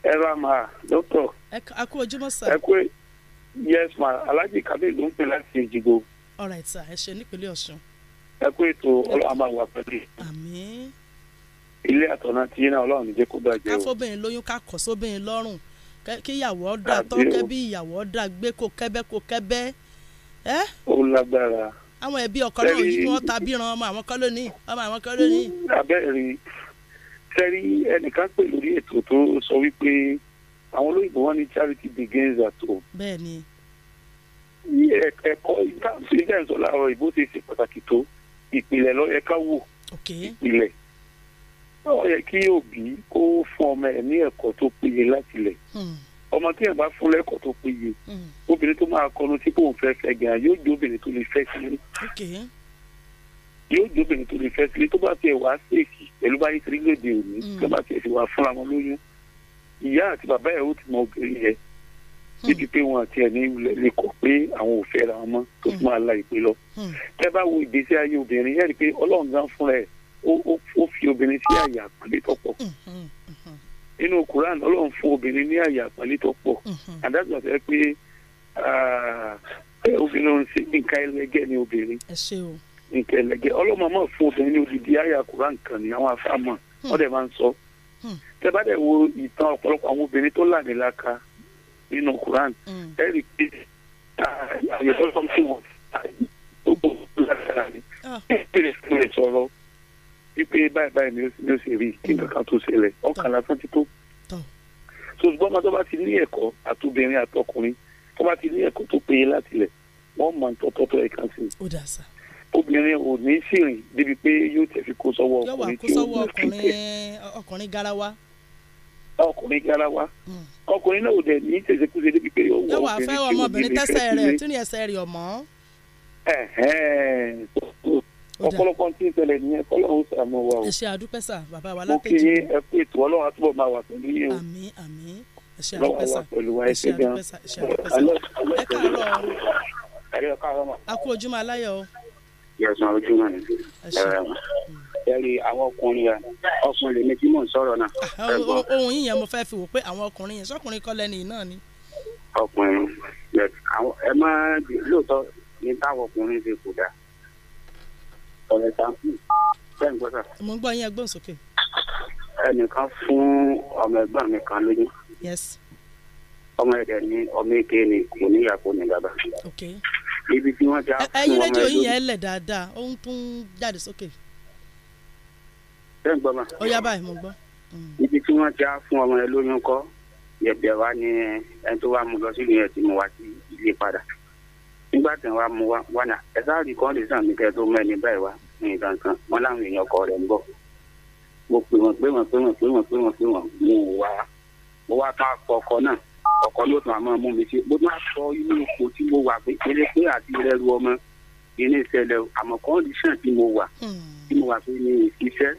[SPEAKER 5] ẹ bá máa dókítọ̀.
[SPEAKER 2] ẹ kú ojúmọ́ ẹ
[SPEAKER 5] yes ma alhaji kabir ló ń pè láti
[SPEAKER 2] ẹ
[SPEAKER 5] ẹ kú ètò ọlọ́run máa wà pẹ̀lú yìí. ilé àtọ̀nà tí yín náà ọlọ́run ní jẹ́ kó bàjẹ́ o.
[SPEAKER 2] káfọ́bìnrin lóyún ká kọ́ sóbìnrin lọ́rùn kí ìyàwó dà tọ́ kẹ́bí ìyàwó dà gbé kó kẹ́bẹ́ kó kẹ́bẹ́. ó lágbára. àwọn ẹbí ọkọ náà yìí wọ́n ta bíran ọmọ àwọn kan lónìí ọmọ àwọn kan lónìí.
[SPEAKER 5] abẹ́rẹ́ sẹ́rí ẹnìkan pè lórí ètò tó sọ wípé àwọn olóyìnbó wọn ní charity begins at home. bẹ́ẹ̀ni. ẹ̀kọ́ ìtàn sílẹ̀ ń sọ láàárọ̀ ìbò ti ṣe pàtàkì tó ìpìlẹ̀ ló yẹ ká wò ìpìlẹ̀ ó yẹ kí òbí kó fún ọmọ ẹ̀ ní ẹ̀kọ́ tó péye láti lẹ̀ hmm. ọmọ tí ẹ̀ bá fún lẹ́kọ̀ọ́ tó péye hmm. obìnrin tó máa kọnu tí kò ń fẹ́ fẹ́ gan yóò jó obìnrin tó lè fẹ́ sílé yóò jó obìnrin tó lè fẹ́ sílé tó bá tiẹ̀ wá ṣèkì pẹ̀lú báyìí sílẹ̀ èdè òní hmm. tó bá tiẹ̀ ti wá fúnra wọn lóyún ìyá àti bàbá ẹ̀ ó ti mọ obìnrin yẹn níbi pé wọn àti ẹni lè kọ pé àwọn ò fẹ́ra wọn mọ́ tó tún máa la ìpè lọ. Hmm. tẹ́ bá wo ìgbésí ayé obìnrin ẹ̀rí pé ọlọ́run gan fúnra ẹ̀ ó fi obìnrin sí àyè àpọ́nlé tó pọ̀ hmm, hmm, nínú Quran ọlọ́run fún obìnrin ní àyè àpọ́nlé tó pọ̀ àdájọ́ fẹ́ pé obìnrin ah, sí nǹkan ẹlẹgẹ́ ni obìnrin nǹkan ẹlẹgẹ́ ọlọ́run máa fún obìnrin ní odidi àyà Quran kan ní àwọn afáàmọ̀ wọ́n dẹ̀ máa ń sọ tẹ́ bá dẹ̀ wo ìtàn ọ̀pọ̀lọpọ̀ àwọn obìnrin tó làmìlaka nínú Quran ẹ̀rí pé àyẹ̀wò something was tó bò lára rẹ̀ ìpèrè fún rẹ̀ sọ̀rọ̀ wípé báyìí báyìí ni ó sì rí kí nǹkan kan tó ṣẹlẹ̀ ọkàn lásán ti tó. ṣùgbọ́n ọmọ tó bá ti ní ẹ̀kọ́ àtobìnrin àtọkùnrin tó bá ti ní ẹ̀kọ́ tó péye láti lẹ̀ wọ́n mọ̀ tọ́tọ́tọ́ ẹ̀ka sí i obìnrin ò ní sìnrìn débi pé yóò tẹ̀ fi kó sọ́wọ́ ọkùnrin tí ó ń
[SPEAKER 2] fi kẹ́ ọkùnrin garawa
[SPEAKER 5] ọkùnrin garawa hmm. ọkùnrin náà ò dẹ̀ ní tẹ̀sẹ̀kúṣe débi pé ó wọ obìnrin tí ó obìnrin tẹ́sẹ̀ rẹ̀ tí
[SPEAKER 2] ní ẹsẹ̀ rẹ̀ ọmọ.
[SPEAKER 5] ọ̀pọ̀lọpọ̀ tí ń tẹ̀lé nìyẹn kọ́lọ́hún sàánú wa o. ẹ ṣe
[SPEAKER 2] àdúpẹ́ sà bàbá wa lápèjì. ó kì í ẹ
[SPEAKER 5] pé ètò ọlọ́run àtúbọ̀ máa wà pẹ̀lú yín o. àmín àmín ẹ ṣe àdúpẹ́
[SPEAKER 1] sà ẹ ṣe àdúpẹ́ sà ẹ ṣe àdúpẹ́
[SPEAKER 2] sà ẹ káàárọ̀ o. a kú ojúmọ́ aláyọ̀ o.
[SPEAKER 5] yẹ ẹ̀rí àwọn ọkùnrin rẹ̀ ọkùnrin lèmi tí mò ń sọ̀rọ̀ náà. Ah,
[SPEAKER 2] ohun yìí yẹn mo fẹ́ fi wò pé àwọn ọkùnrin yẹn sọkùnrin kọ́ lẹ́nu náà ni.
[SPEAKER 5] ọkùnrin ẹ má lóòótọ́ ní táwọn ọkùnrin ṣe kò dáa ọ̀rẹ́ sàmù bẹ́ẹ̀ ń gbọ́ sà. mo ń gbọ́ yín ẹgbọ́n sókè. ẹnìkan fún ọmọ ẹgbọ́n mi kan lóyún. yes. ọmọ ẹ̀dẹ̀ ni ọmọ èké ni kò níyà kò ní bàbá. ok. ibi tí wọ́n ti á fún ọmọ ẹ̀dọ́. ẹyin rédíò yín yẹn
[SPEAKER 2] lẹ̀ dáadáa ó ń tún jáde sókè. Okay
[SPEAKER 5] ṣé ń gbọ́ ma. ó yá báyìí mo gbọ́. Mm. ibi tí wọ́n ti á fún ọmọ yẹn lóyún kọ́ yẹ̀bẹ̀ wa ni ẹni tó wá mu lọ sílùú yẹn ti mu wá sí ilé padà nígbà tí wọ́n mu wá wà náà ẹ sáà rí kọ́ndíṣàn mi kẹ́ tó mẹ́ni báyìí wá ní ìdáǹkan wọn láwọn èèyàn ọkọ rẹ̀ ń bọ̀ mo pè wọ́n pé wọ́n pé wọ́n pé wọ́n pé wọ́n pé wọ́n mo wá mo wá ká ọkọ náà ọkọ ló tún àmọ́ mú mi ṣe mo tún sọ inú ipò tí mo wà pé kéré pé àti rẹ́rù ọmọ inú ìṣẹ̀lẹ̀ àmọ́ kọ́ndíṣàn tí mo wà mm. tí mo wà pé ní iṣẹ́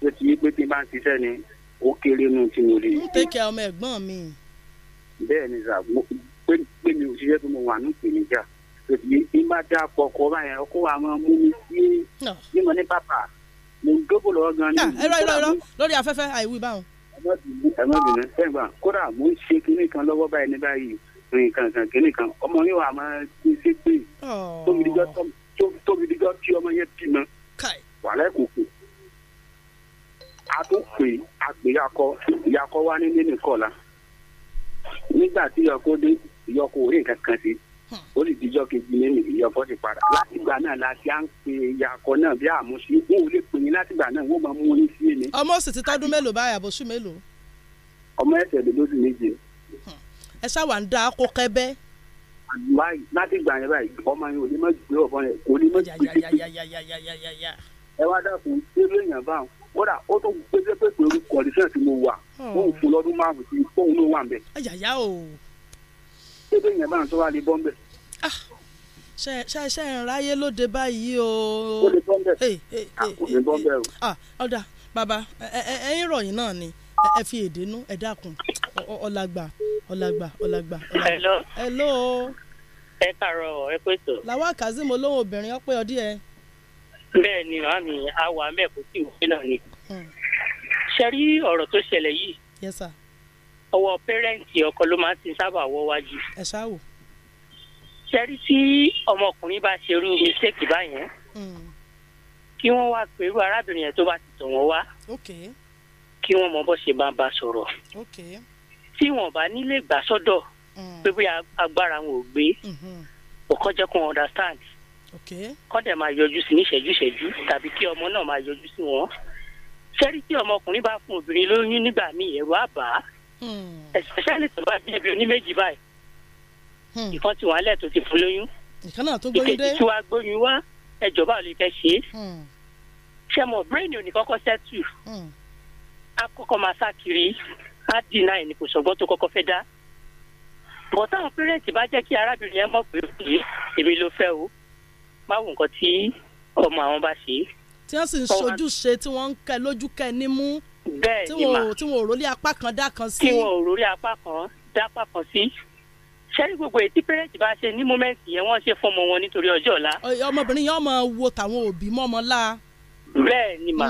[SPEAKER 5] ló ti yí pé tí n bá ń ṣiṣẹ́ ni ó kéré nù tí mo lè. ń tẹ̀kẹ́ ọmọ ẹ̀gbọ́n mi. bẹ́ẹ̀ ni sà pé pé mi ò ṣiṣẹ́ pé mo wà ní ìpèníjà ló ti yí bí n bá dá ọkọ̀ ọkọ̀ báyẹn ọkọ̀ wa máa mú mi sí ah. ní mo ní bàbà mo ń dóbò lọ́wọ́ gan ni. ẹ̀rọ ẹ̀rọ ẹ̀rọ
[SPEAKER 2] lórí afẹ́fẹ́ àìwí báwọn.
[SPEAKER 5] ẹ má bínú sẹ́gbà kódà mo ń ṣe kinní kan lọ́wọ́ báyìí ní báyìí nǹkan kan kinní kan ọmọ yóò wà máa ń ṣe pé tóbi díjọ́ tí ọmọ yẹn bímọ wàhálà ẹ̀kọ́ kù a tún pè àpèyàkọ ìyàkọ wa nílé nìkọlá nígbà tí ìyọkọ dé ìyọkọ òré kankan sí ó sì dijọ́ kejì lẹ́nu ìyọkọ ti padà látìgbà náà la ti à ń pe ìyàkọ náà bí àmúṣe wọn ò lè pè yín látìgbà náà wọn máa mú yín sí èmi.
[SPEAKER 2] ọmọ sì ti tọ́dún mélòó báyìí àbòsù mélòó. ọmọ ẹsẹ̀ ló lóṣù méje. ẹ ṣáà wà ń da akó kẹ́bẹ́. látìgbà yẹn báyìí
[SPEAKER 5] ọmọ yẹn ò ní mọ̀ gbé ọ̀bọ̀n yẹn kò ní mọ̀ gbé ó dà ó tó gbèsè pé pẹ̀lú kọ̀díṣẹ́ tí mo wà hmm. ó ń fún lọ́dún márùn sí fóun ló wà ń bẹ̀. ayàyà o. ṣébè yẹn bá ń sọ́ra lè bọ́ ń bẹ̀. Ah,
[SPEAKER 2] ṣe ṣe ń ráyé lóde báyìí o. ó lè bọ́ ń bẹ̀.
[SPEAKER 1] ó lè bọ́ ń eh, bẹ̀ o. Eh,
[SPEAKER 2] ah, ọ̀dà bàbá ẹ̀yin ròyìn náà ni ẹ fi èdè nú ẹ dákun ọ̀làgbà ọ̀làgbà ọ̀làgbà. hello. hello. ẹ kàrọ̀ ẹ pẹ̀tọ̀. làwọn kazeem olóhùn obìnrin ọpẹ́ ọdí ẹ bẹ́ẹ̀ ni màmí àwa mẹ́kọ̀ọ́
[SPEAKER 8] sí òfin náà ni. Hmm. ṣe rí ọ̀rọ̀ tó ṣẹlẹ̀ yìí. Yes sir. ọwọ́ pẹ́rẹ́ǹtì ọkọ ló máa ti sábà wọ́ wájú.
[SPEAKER 2] ẹ ṣáà wò. ṣe rí tí
[SPEAKER 8] ọmọkùnrin bá ṣe irú mistake báyẹn. Hmm. kí wọ́n wá pé irú arábìnrin yẹn tó bá ti tàn wọ́n wá. kí wọ́n mọ bó ṣe bá bá sọ̀rọ̀. tí wọ́n bá nílé gbà sọ́dọ̀ hmm. pé bí agbára wọn ò gbé. ò kọ́ jẹ́ kó understand. Mm kọ́ dẹ̀ máa yọjú sí ní ìṣẹ́jú ìṣẹ́jú tàbí kí ọmọ náà máa yọjú sí wọn ṣẹ́rí tí ọmọkùnrin bá fún obìnrin lóyún nígbà míì ẹ̀rù á bà á hmm. especially tó bá bí ẹbí oníméjì báyìí hmm. ìkan tí wọ́n á lẹ̀ tó ti fún lóyún
[SPEAKER 2] ìkejì tí wàá
[SPEAKER 8] gbóyún wá ẹjọba ò lè fẹ́ ṣe é hmm. ṣe mọ̀ brain ò ní kọ́kọ́ settle á kọ́kọ́ máa sá kiri á dínà ẹ̀ ní kò sọ̀gbọ́n tó kọ́kọ́ fẹ́ dá bọ̀ táwọn pẹ́rẹ́ǹtì bá jẹ́ kí arábìnrin yẹn mọ̀ pé èmi ló fẹ́ o máa wù nǹkan tí ọmọ àwọn bá ṣe.
[SPEAKER 2] tí wọ́n sì ń ṣojúṣe tí wọ́n ń kẹ lójú kẹ nímú tí wọ́n ò rórí apá kan dá kan sí. tí wọ́n ò
[SPEAKER 8] rórí apá kan dá apá kan sí sẹ́ni gbogbo ètí pẹ́rẹ́ǹtì bá ṣe ní mọ́mẹ́ǹtì yẹn wọ́n ṣe fún ọmọ wọn nítorí ọjọ́ ọ̀la.
[SPEAKER 2] ọmọbìnrin yẹn ọmọ wo tàwọn òbí mọ́mọ́ la.
[SPEAKER 8] bẹ́ẹ̀ ni mà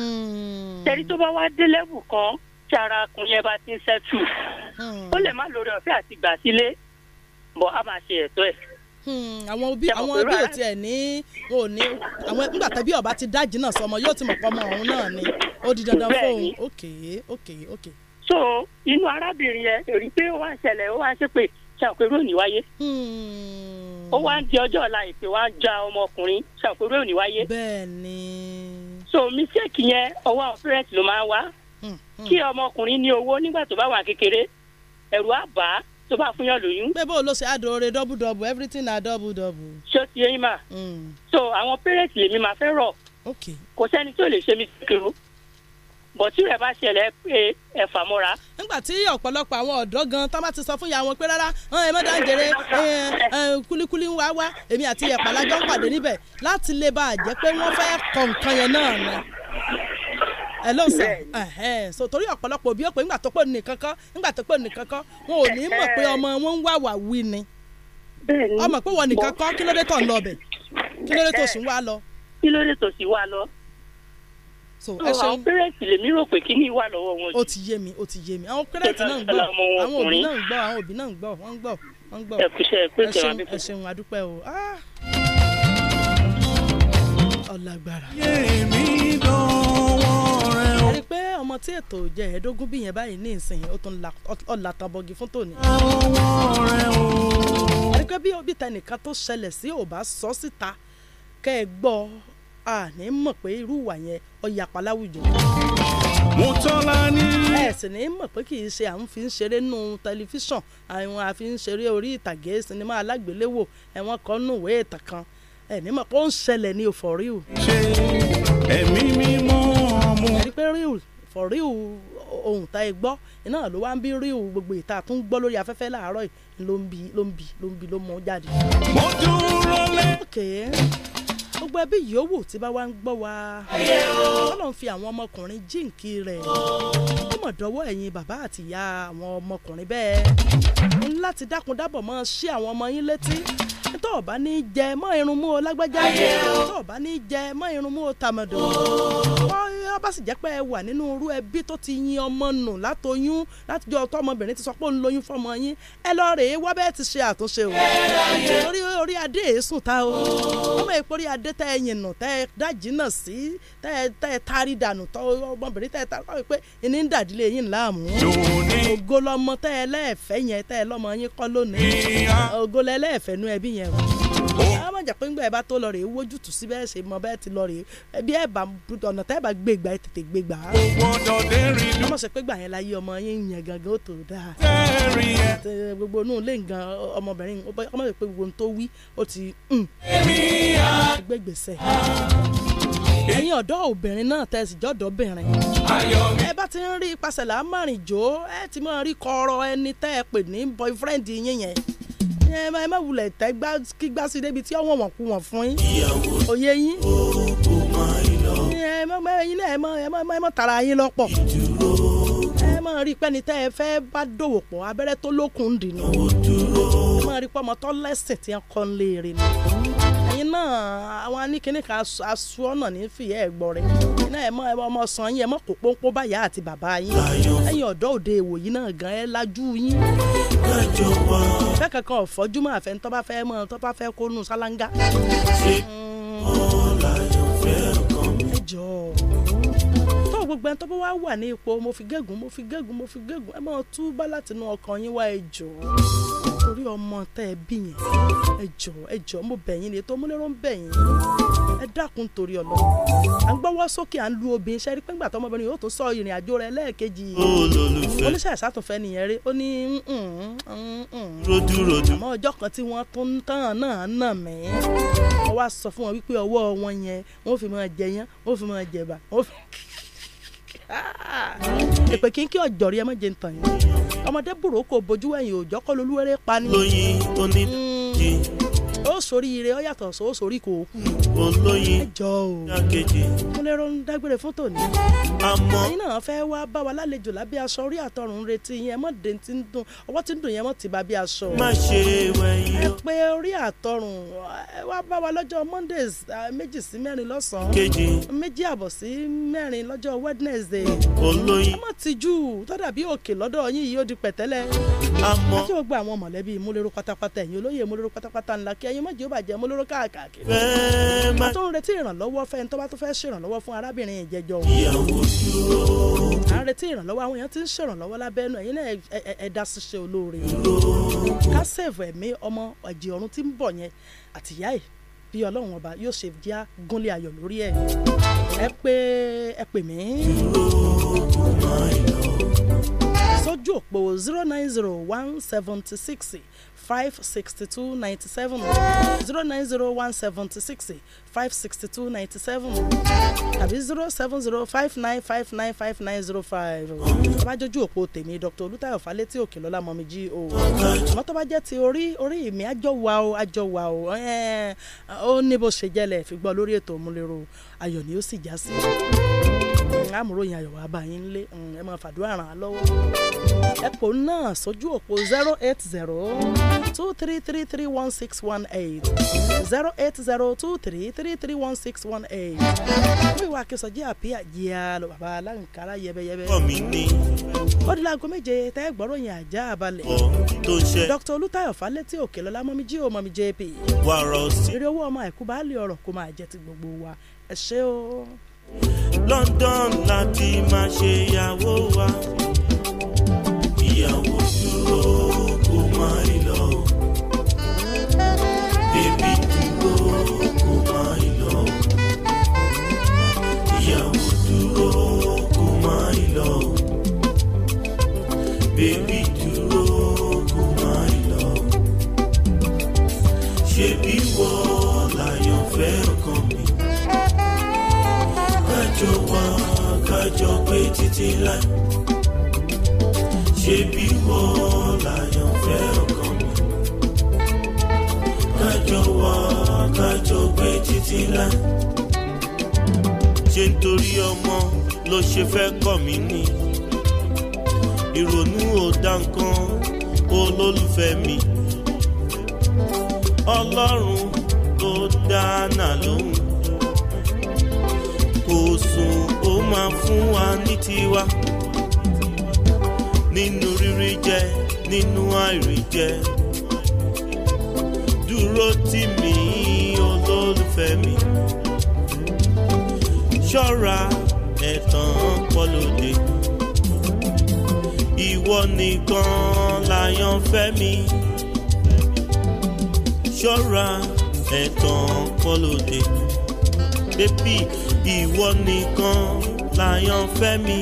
[SPEAKER 8] sẹ́ni hmm. tó bá wá dé lẹ́wù kan tí ara hmm. a máa ṣe ẹ̀tọ́ ẹ̀.
[SPEAKER 2] Hmm, àwọn òbí àwọn òbí ò tiẹ̀ ní ò ní àwọn nígbà tẹ́bí ọba ti dá jìnnà sọmọ yóò ti mọ̀ pọ́ ọmọ òun náà ni ó di dandan fóun ok ok ok. so inú arábìnrin yẹn
[SPEAKER 8] èrí pé ó wá ṣẹlẹ̀ ó wá ṣe pé ṣàpérò ní wáyé hmm. ó wá ń di ọjọ́ ọ̀la ìpè wá ń ja ọmọkùnrin ṣàpérò ní wáyé. bẹ́ẹ̀ni. so mistake
[SPEAKER 2] yẹn ọwọ́ ọ̀fẹ́rẹ́tì ló máa ń wá hmm, kí ọmọkùnrin ní owó nígbà tó bá wà kékeré ẹ̀rù á tó bá fún yàn lóyún. pé bó o lọ ṣe àdóore double double everything na double double. ṣó ti yẹn mà. Mm. so
[SPEAKER 8] àwọn parents lèmi máa fẹ́ rọ̀. kò sẹ́ni tó lè ṣe mí
[SPEAKER 2] kékeré bọ̀tí rẹ̀ bá ṣẹlẹ̀ pé ẹ fà mọ́ra. nígbà tí ọ̀pọ̀lọpọ̀ àwọn ọ̀dọ́ gan tán bá ti sọ fún ìyá wọn pé rárá ẹ mọ́ dáńgèrè kúlíkúlí ń wá wá èmi àti ẹ̀pà lájọ́ ń pàdé níbẹ̀ láti lè bá a jẹ́ pé wọ́n fẹ́ kọ̀ yẹn náà ni. hello sir ẹ̀hẹ́n so torí ọpọlọpọ òbí òpè ńgbà tó pè nìkan kọ́ wọn ò ní mọ̀ pé ọmọ wọn ń wà wí ni ọmọ pé wọn nìkan kọ́ kí ló dé ń lọ bẹ̀ kí ló dé tó lọ. so wọn. ó ti yé mi ti yé mi àwọn náà ń gbọ àwọn òbí náà ń náà ń gbọ ń gbọ ń gbọ ẹ ṣeun o ah! ọlágbára. àwọn tí ètò jẹ ẹ̀ẹ́dógún bí yẹn báyìí ní ìsìn ó tún fún tòní. àwọn ọ̀rẹ́ o. àríkẹ́ bí tó ṣẹlẹ̀ sí ò bá sọ síta kẹ́ ẹ gbọ́ a ní mọ̀ pé irú ìwà yẹn ọ̀yà pàláwùjọ. mo tọ́lá ní. ẹ sì ní mọ̀ pé kì í ṣe à ń fi ń ṣeré nù tẹlifíṣàn àwọn àfi ń ṣeré orí ìtàgé sinimá alágbéléwò ẹ̀wọ̀n kan nù wé ìtàn kan ẹ̀ ní mọ̀ pé ó ń ṣẹlẹ̀ ní òfò ríù. ṣe
[SPEAKER 1] ẹ̀mí mímọ́
[SPEAKER 2] ọmọ. ẹ̀rí pé ríù fọ̀ríù ohun tá ẹ gbọ́ iná ló wá ń bí ríù gbogbo ìta tó ń gbọ́ lórí afẹ́fẹ́ làárọ̀ yìí ló ń bi ló ń bi ló ń bi ló mọ jáde. mo dúró lé. gbogbo ẹbí yòówù tí bá wá ń gbọ́ wa ọlọ́run fi àwọn ọmọkùnrin jíǹkì rẹ̀ ó mọ̀ dọ́wọ́ ẹ̀yin bàbá àtìyá àwọn ọmọkùnrin bẹ́ẹ̀ ń láti dákun dábọ̀ mọ́ ṣí àwọn ọmọ yín létí tó o bá ní jẹ mọ́ irun mú o lágbájá tó o bá ní jẹ mọ́ irun mú o tàmọ̀dò wọ́n bá sì jẹ́ pé ẹ wà nínú irú ẹbí tó ti yin ọmọ nù látọyún látijọ́ tọmọbìnrin ti sọ pé ó ń lóyún fọmọ yín ẹ lọ rèé wọ́n bẹ́ẹ̀ ti ṣe àtúnṣe o torí orí adé èésùn ta o ọmọ èèpo orí adé tẹ ẹ yìnà tẹ ẹ dájínà sí tẹ ẹ tẹ ẹ tari dànù tọ ọmọbìnrin tẹ ẹ tari wọ́n pé ìní ń dàdílé yín láàmú ògo lọmọ tẹ ẹ lẹ́ẹ̀fẹ́ yẹn tẹ ẹ lọ́mọ yín kọ́ lónìí ògo lẹ́ẹ̀fẹ́ nú ẹbí y nìyẹn o ẹ má jẹ́ pé ńgbà ẹ bá tó lọ rèé wójútùú sí bẹ́ẹ̀ ṣe mọ bẹ́ẹ̀ ti lọ rèé ẹbí ẹ bá ọ̀nà tẹ́ ẹ bá gbé gbà ẹ tètè gbé gbà á. ọmọ sọ pé gbà yẹn láyé ọmọ yẹn yẹn gangan ó tó dáa. gbogbo inú ilé nǹkan ọmọbìnrin ọmọ sọ gbogbo ohun tó wí ó ti mm. gbé gbèsè ẹ̀yin ọ̀dọ́ obìnrin náà tẹ̀sí jọ́dọ̀ obìnrin. ẹ bá ti ń rí ipasẹ̀ ẹ má ẹ má wulẹ̀ tẹ́ gbá kí gbá sí débi tí ọ̀wọ̀n wọ̀n kú wọ̀n fún yín òye yín ẹ má ẹyin náà ẹ má ẹ má ẹ má tara yín lọ́pọ̀ ẹ má rí pẹ́ni tẹ́ ẹ fẹ́ bá dòwò pọ̀ abẹ́rẹ́ tó lókun dì ní ẹ má rí pọ́ ọmọ tó lẹ́sìn tí wọ́n kọ́ ń lé e rè ní iná àwọn aníkíní kan aṣọ ọ̀nà ní fìyà ẹ̀gbọ́n iná ẹ̀ ọmọ sàn yín ẹ̀ mọ́ kó báyà àti bàbá yín ẹ̀yìn ọ̀dọ́ òde ìwòyí náà gan ẹ̀ lajú yín. fẹ́ẹ̀kan kan ọ̀fọ́jú àfẹ́ tó bá fẹ́ mọ́ tó bá fẹ́ kó nù sálángá. tó gbogbo ẹni tó bá wá wà ní ipò mo fi gégùn mo fi gégùn mo fi gégùn ẹ máa túbá látinú ọkàn yín wá ẹ jọ̀ọ́ torí ọmọ tẹ́ ẹ bí yẹn ẹ jọ ẹ jọ mo bẹ̀ yín ni ètò omúlérò ń bẹ̀ yín ẹ dákun torí ọlọ à ń gbọ́wọ́ sókè à ń lu obìnrin ṣẹ́rí pé ńgbà tó ọmọbìnrin yóò tó sọ ìrìn àjò rẹ̀ lẹ́ẹ̀kejì oníṣẹ́ ìsàtúnfẹ́ nìyẹn rí ó ní mm, mm, mm, àmọ́ ọjọ́ kan tí wọ́n tún tán náà nà mí wọ́n wá sọ fún wọn wípé ọwọ́ wọn yẹn wọ́n fi máa jẹ yán wọ́n fi máa jẹ̀bà wọ́n fi. èpè kí n kí ọjọ́ rí ẹ má jẹ ntàn yẹn ọmọdé burúkú bojú ẹ̀yìn òjọ́ kọ́ lolúwẹ̀rẹ̀ pa ni. lóyin tó ní mm. kí ó sórí ire ó yàtọ̀ só sórí kò kú. olóyin ẹjọ́ o mo lè ronú dágbére fún tòní. àmọ́ ẹ̀yin náà fẹ́ wá bá wa lálejò lábẹ́ aṣọ orí àtọrùn retí yẹn mọ́ dé tí ń dùn ọwọ́ tí ń dùn yẹn mọ́ ti bá bí aṣọ. má ṣe wẹ̀yìn. ẹ pé orí àtọrùn ẹ wá bá wa lọ́jọ́ mondays méjì sí mẹ́rin lọ́sàn-án kejì méjì àbọ̀ sí mẹ́rin lọ́jọ́ wednesday. olóyin ẹ má tijú tó dàbí òkè lọ́dọ̀ yín yìí ó di pẹ̀tẹ́lẹ̀. àmọ́ kí bàjẹ́ yín mọ̀jẹ́ ó bàjẹ́ lóró káàkiri. a tún ń retí ìrànlọ́wọ́ fẹ́ ní tó bá tó fẹ́ ṣèrànlọ́wọ́ fún arábìnrin ìjẹjọ. à ń retí ìrànlọ́wọ́ àwọn èèyàn ti ń ṣèrànlọ́wọ́ lábẹ́nu ẹ̀yin náà ẹ̀dá ṣiṣẹ́ olóore. ká sèvù ẹ̀mí ọmọ ọ̀jẹ̀ ọ̀run tí ń bọ̀ yẹn àtìyá ẹ̀ bí ọlọ́run ọba yóò ṣe já gúnlé ayọ̀ lórí ẹ̀ sójú òpó zero nine zero one seventy six five sixty two ninety seven zero nine zero one seventy six five sixty two ninety seven tàbí zero seven zero five nine five nine five nine zero five tó bá jọjú òpó tèmi Dr. Olútáyọ̀ Fálétí Òkèlọ́lá mọ̀mí jí o àmọ́ tó bá jẹ́ ti orí orí mi àjọ wa o àjọ wa o ó ní bó ṣe jẹ́lẹ̀ fi gbọ́ lórí ètò òmùlérò ayọ̀ ni ó sì já sí amúròyìn ayọ̀ wà bá yín mm, ẹ máa fàdúrà ràn án lọ́wọ́ ẹ̀pọ̀ náà sójú òpó zero eight zero two three three three one six one eight zero eight zero two three three three one six one eight fún ìwà akẹ́sọ̀jì àbí àjíà lọ bàbá aláǹkárá yẹbẹyẹbẹ. ó di láago méje tẹ́ gbọ́ròyìn àjà àbálẹ̀ dr olùtayọ̀ falẹ́tì òkèlọ́lá mọ́míjì ò mọ́mí jp èrè owó ọmọ àìkú bá lè ọ̀rọ̀ kó máa jẹ ti gbogbo wa
[SPEAKER 1] ẹ ṣé o. London láti máa ṣe ìyàwó wa. ìyàwó dúró kó má rí lọ. bébí dúró kó má rí lọ. ìyàwó dúró kó má rí lọ. bébí dúró kó má rí lọ. ṣebí wọ́n. kájọ wá kájọ pé títí láì ṣé bí wọ́n láyàn fẹ́ ọkàn mi. kájọ wá kájọ pé títí láì ṣé nítorí ọmọ ló ṣe fẹ́ kọ̀ mí ni ìrònú ò dá nǹkan olólùfẹ́ mi ọlọ́run tó dáná lóhùn kò sùn ó máa fún wa ní tiwa nínú rírí jẹ nínú àìrí jẹ dúró tì mí olólùfẹ́ mi ṣọ́ra ẹ̀tàn pọ́lódé ìwọ nìkan láyànfẹ́ mi ṣọ́ra ẹ̀tàn pọ́lódé bébì ìwọ nìkan làyàn fẹ́ mi.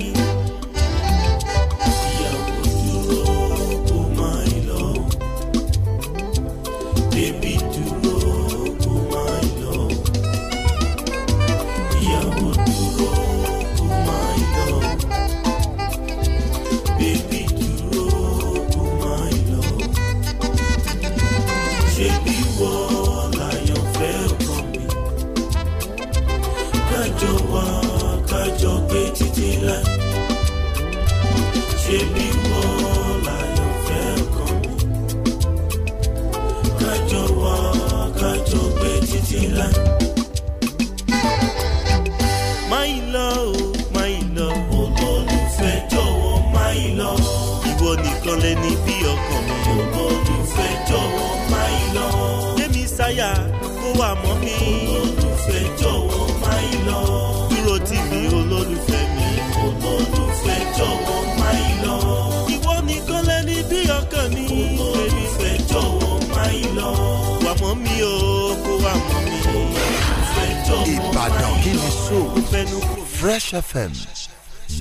[SPEAKER 1] Fresh FM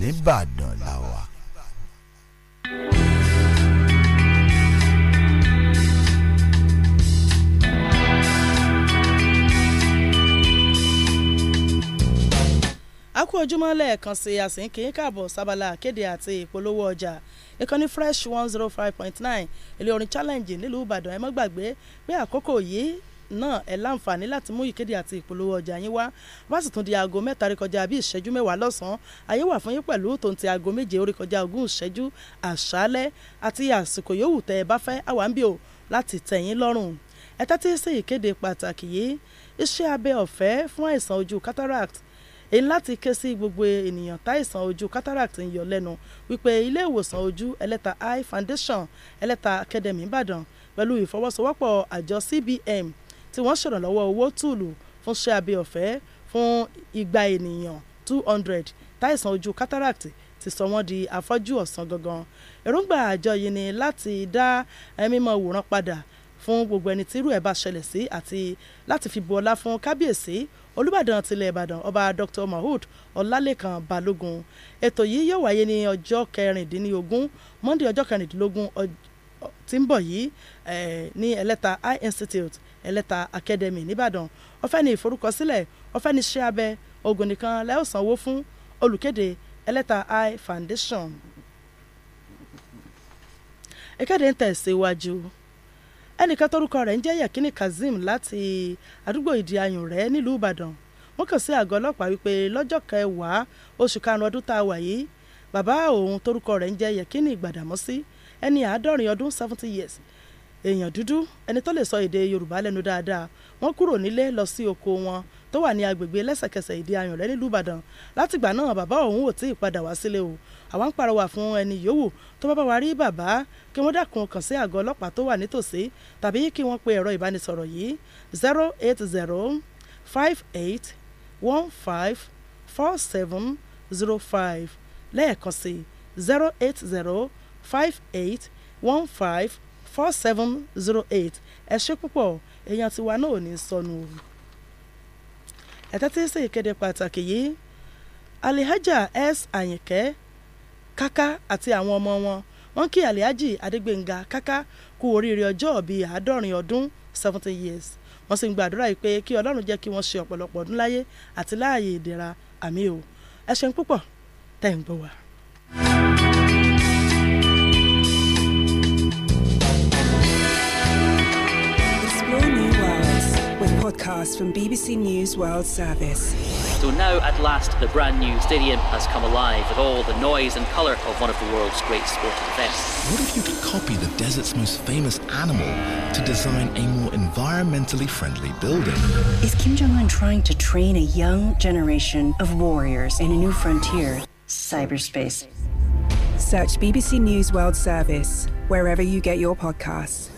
[SPEAKER 5] nìbàdàn la wà.
[SPEAKER 2] a kú ojúmọ́ lẹ́ẹ̀kan sí àsìnkì káàbọ̀ sábàlá akéde àti ìpolówó ọjà ìkànnì fresh one zero five point nine ilé orin challenge nílùú ìbàdàn ẹ má gbàgbé pé àkókò yìí náà ẹ láǹfààní láti mú ìkéde àti ìpolówó ọjà yín wá wá sì tún di aago mẹ́ta rí kọjá bí ìṣẹ́jú mẹ́wàá lọ́sàn-án àyè wà fún yín pẹ̀lú tòǹtì aago méje orí kọjá ogún ìṣẹ́jú àṣálẹ́ àti àsìkò yòówù tẹ́ ẹ bá fẹ́ àwa láti tẹ́ lọ́rùn ẹ tẹ́tí sí ìkéde pàtàkì yìí iṣẹ́ abẹ ọ̀fẹ́ fún àìsàn ojú cataract èyí láti ké sí gbogbo ènìyàn táìsàn ojú cataract ń yọ lẹ́nu wípé ilé ìwòsàn ojú ẹlẹ́ta eye foundation ẹlẹ́ta academy ìbàdàn pẹ̀lú ìfọwọ́sowọ́pọ̀ àjọ CBM tí wọ́n ṣèrànlọ́wọ́ owó tùlù fún ṣẹ́ abẹ ọ̀fẹ́ fún igba ènìyàn two hundred táìsàn ojú cataract ti sọ wọ́n di afọ́jú ọ̀sán gangan èròǹgbà àjọ yìí ni láti dá mímọ wòran padà fún gbogbo ẹni tí irú ẹ̀ bá ṣẹlẹ̀ sí àti láti fi bu ọlá fún kábíyèsí olùbàdàn tilẹ̀ ìbàdàn ọba dr mahood ọlálékan balógun ètò yìí yóò wáyé ní ọjọ́ kẹrìndínlógún monday ọjọ́ kẹrìndínlógún tí ń bọ̀ yìí ní ẹlẹ́ta high institute ẹlẹ́ta academy nìbàdàn ọ̀fẹ́ ni ìforúkọsílẹ̀ ọ̀fẹ́ ni iṣẹ́ abẹ oògùn nìkan lẹ́ ó sanwó fún olùkéde ẹlẹ́ta eye foundation. ìkéde ń tẹ̀síwájú ẹnìkan tórúkọ rẹ̀ ń jẹ́ yakini kazeem láti àdúgbò ìdí ayùn rẹ̀ nílùú ìbàdàn wọ́n kàn sí àgọ́ ọlọ́pàá wípé lọ́jọ́ kẹwàá oṣù karùn-ún ọdún tá a wà yìí bàbá òun tórúkọ rẹ̀ ń jẹ́ yakini gbàdàmọ́sí ẹni àádọ́rin ọdún seventy years èèyàn dúdú ẹni tó lè sọ èdè yorùbá lẹ́nu dáadáa wọ́n kúrò nílé lọ sí oko wọn tó wà ní agbègbè lẹ́sẹ̀kẹsẹ̀ ìdí ayọ̀lẹ́ nílùú ìbàdàn látìgbà náà bàbá òun ò tí ì padà wá sílé o àwa ń pàrọwà fún ẹni yòówù tó bá bá wa rí bàbá kí wọ́n dákun kàn sí àgọ́ ọlọ́pàá tó wà nítòsí tàbí kí wọ́n pe ẹ̀rọ ìbánisọ̀rọ̀ yìí zero eight zero five eight one five four seven zero five lẹ́ẹ̀kan sí zero eight zero five eight one five four seven zero eight ẹ ṣe púpọ̀ èèyàn tiwa náà ò ní sọnù o. ẹ tẹ́tí sí ìkéde pàtàkì yìí alihaja s àyìnkẹ́ kaka àti àwọn ọmọ wọn wọ́n kí alihaji adégbénga kaka kú oríire ọjọ́ bíi àádọ́rin ọdún seventy years wọ́n sì ń gbàdúrà yìí pé kí ọlọ́run jẹ́ kí wọ́n ṣe ọ̀pọ̀lọpọ̀ ọdún láyé àti láàyè ìdẹ̀ra àmì o ẹ ṣeun púpọ̀
[SPEAKER 3] tẹ̀ ń gbọ́ wa. from BBC News World Service.
[SPEAKER 8] So now, at last, the brand new stadium has come alive with all the noise and colour of one of the world's great sporting events. What if you could
[SPEAKER 3] copy the desert's most famous animal to design a more environmentally friendly building?
[SPEAKER 7] Is Kim Jong un trying to train a young generation of warriors in a new frontier, cyberspace? Search BBC News World Service wherever you
[SPEAKER 2] get your podcasts.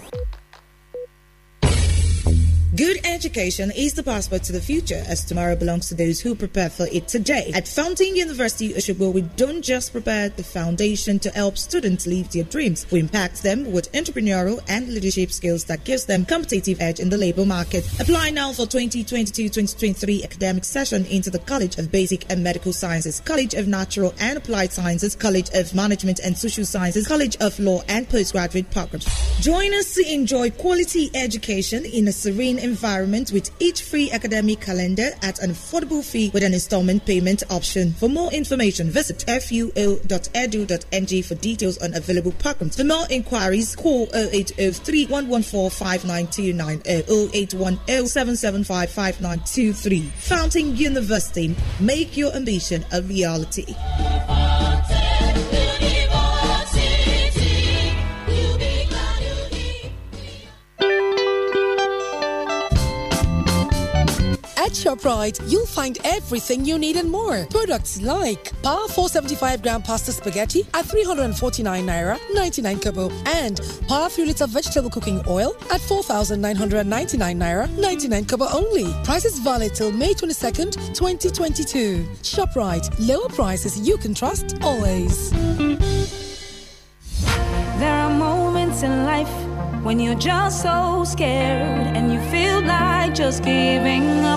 [SPEAKER 2] Good education is the passport to the future, as tomorrow belongs to those who prepare for it today. At Fountain University Oshogbo, we don't just prepare the foundation to help students live their dreams. We impact them with entrepreneurial and leadership skills that gives them competitive edge in the labor market. Apply now for 2022-2023 academic session into the College of Basic and Medical Sciences, College of Natural and Applied Sciences, College of Management and Social Sciences, College of Law and postgraduate programs. Join us to enjoy quality education in a serene environment with each free academic calendar at an affordable fee with an installment payment option. For more information, visit fuo.edu.ng for details on available programs. For more inquiries, call 080 0810 Fountain University. Make your ambition a reality. At ShopRite, you'll find everything you need and more. Products like Par 475 gram pasta spaghetti at 349 naira 99 kobo and Par 3 liter vegetable cooking oil at 4,999 naira 99 kobo only. Prices valid till May 22nd, 2022. ShopRite, lower prices
[SPEAKER 7] you can trust always. There are moments in life when you're just so scared and you feel like just giving up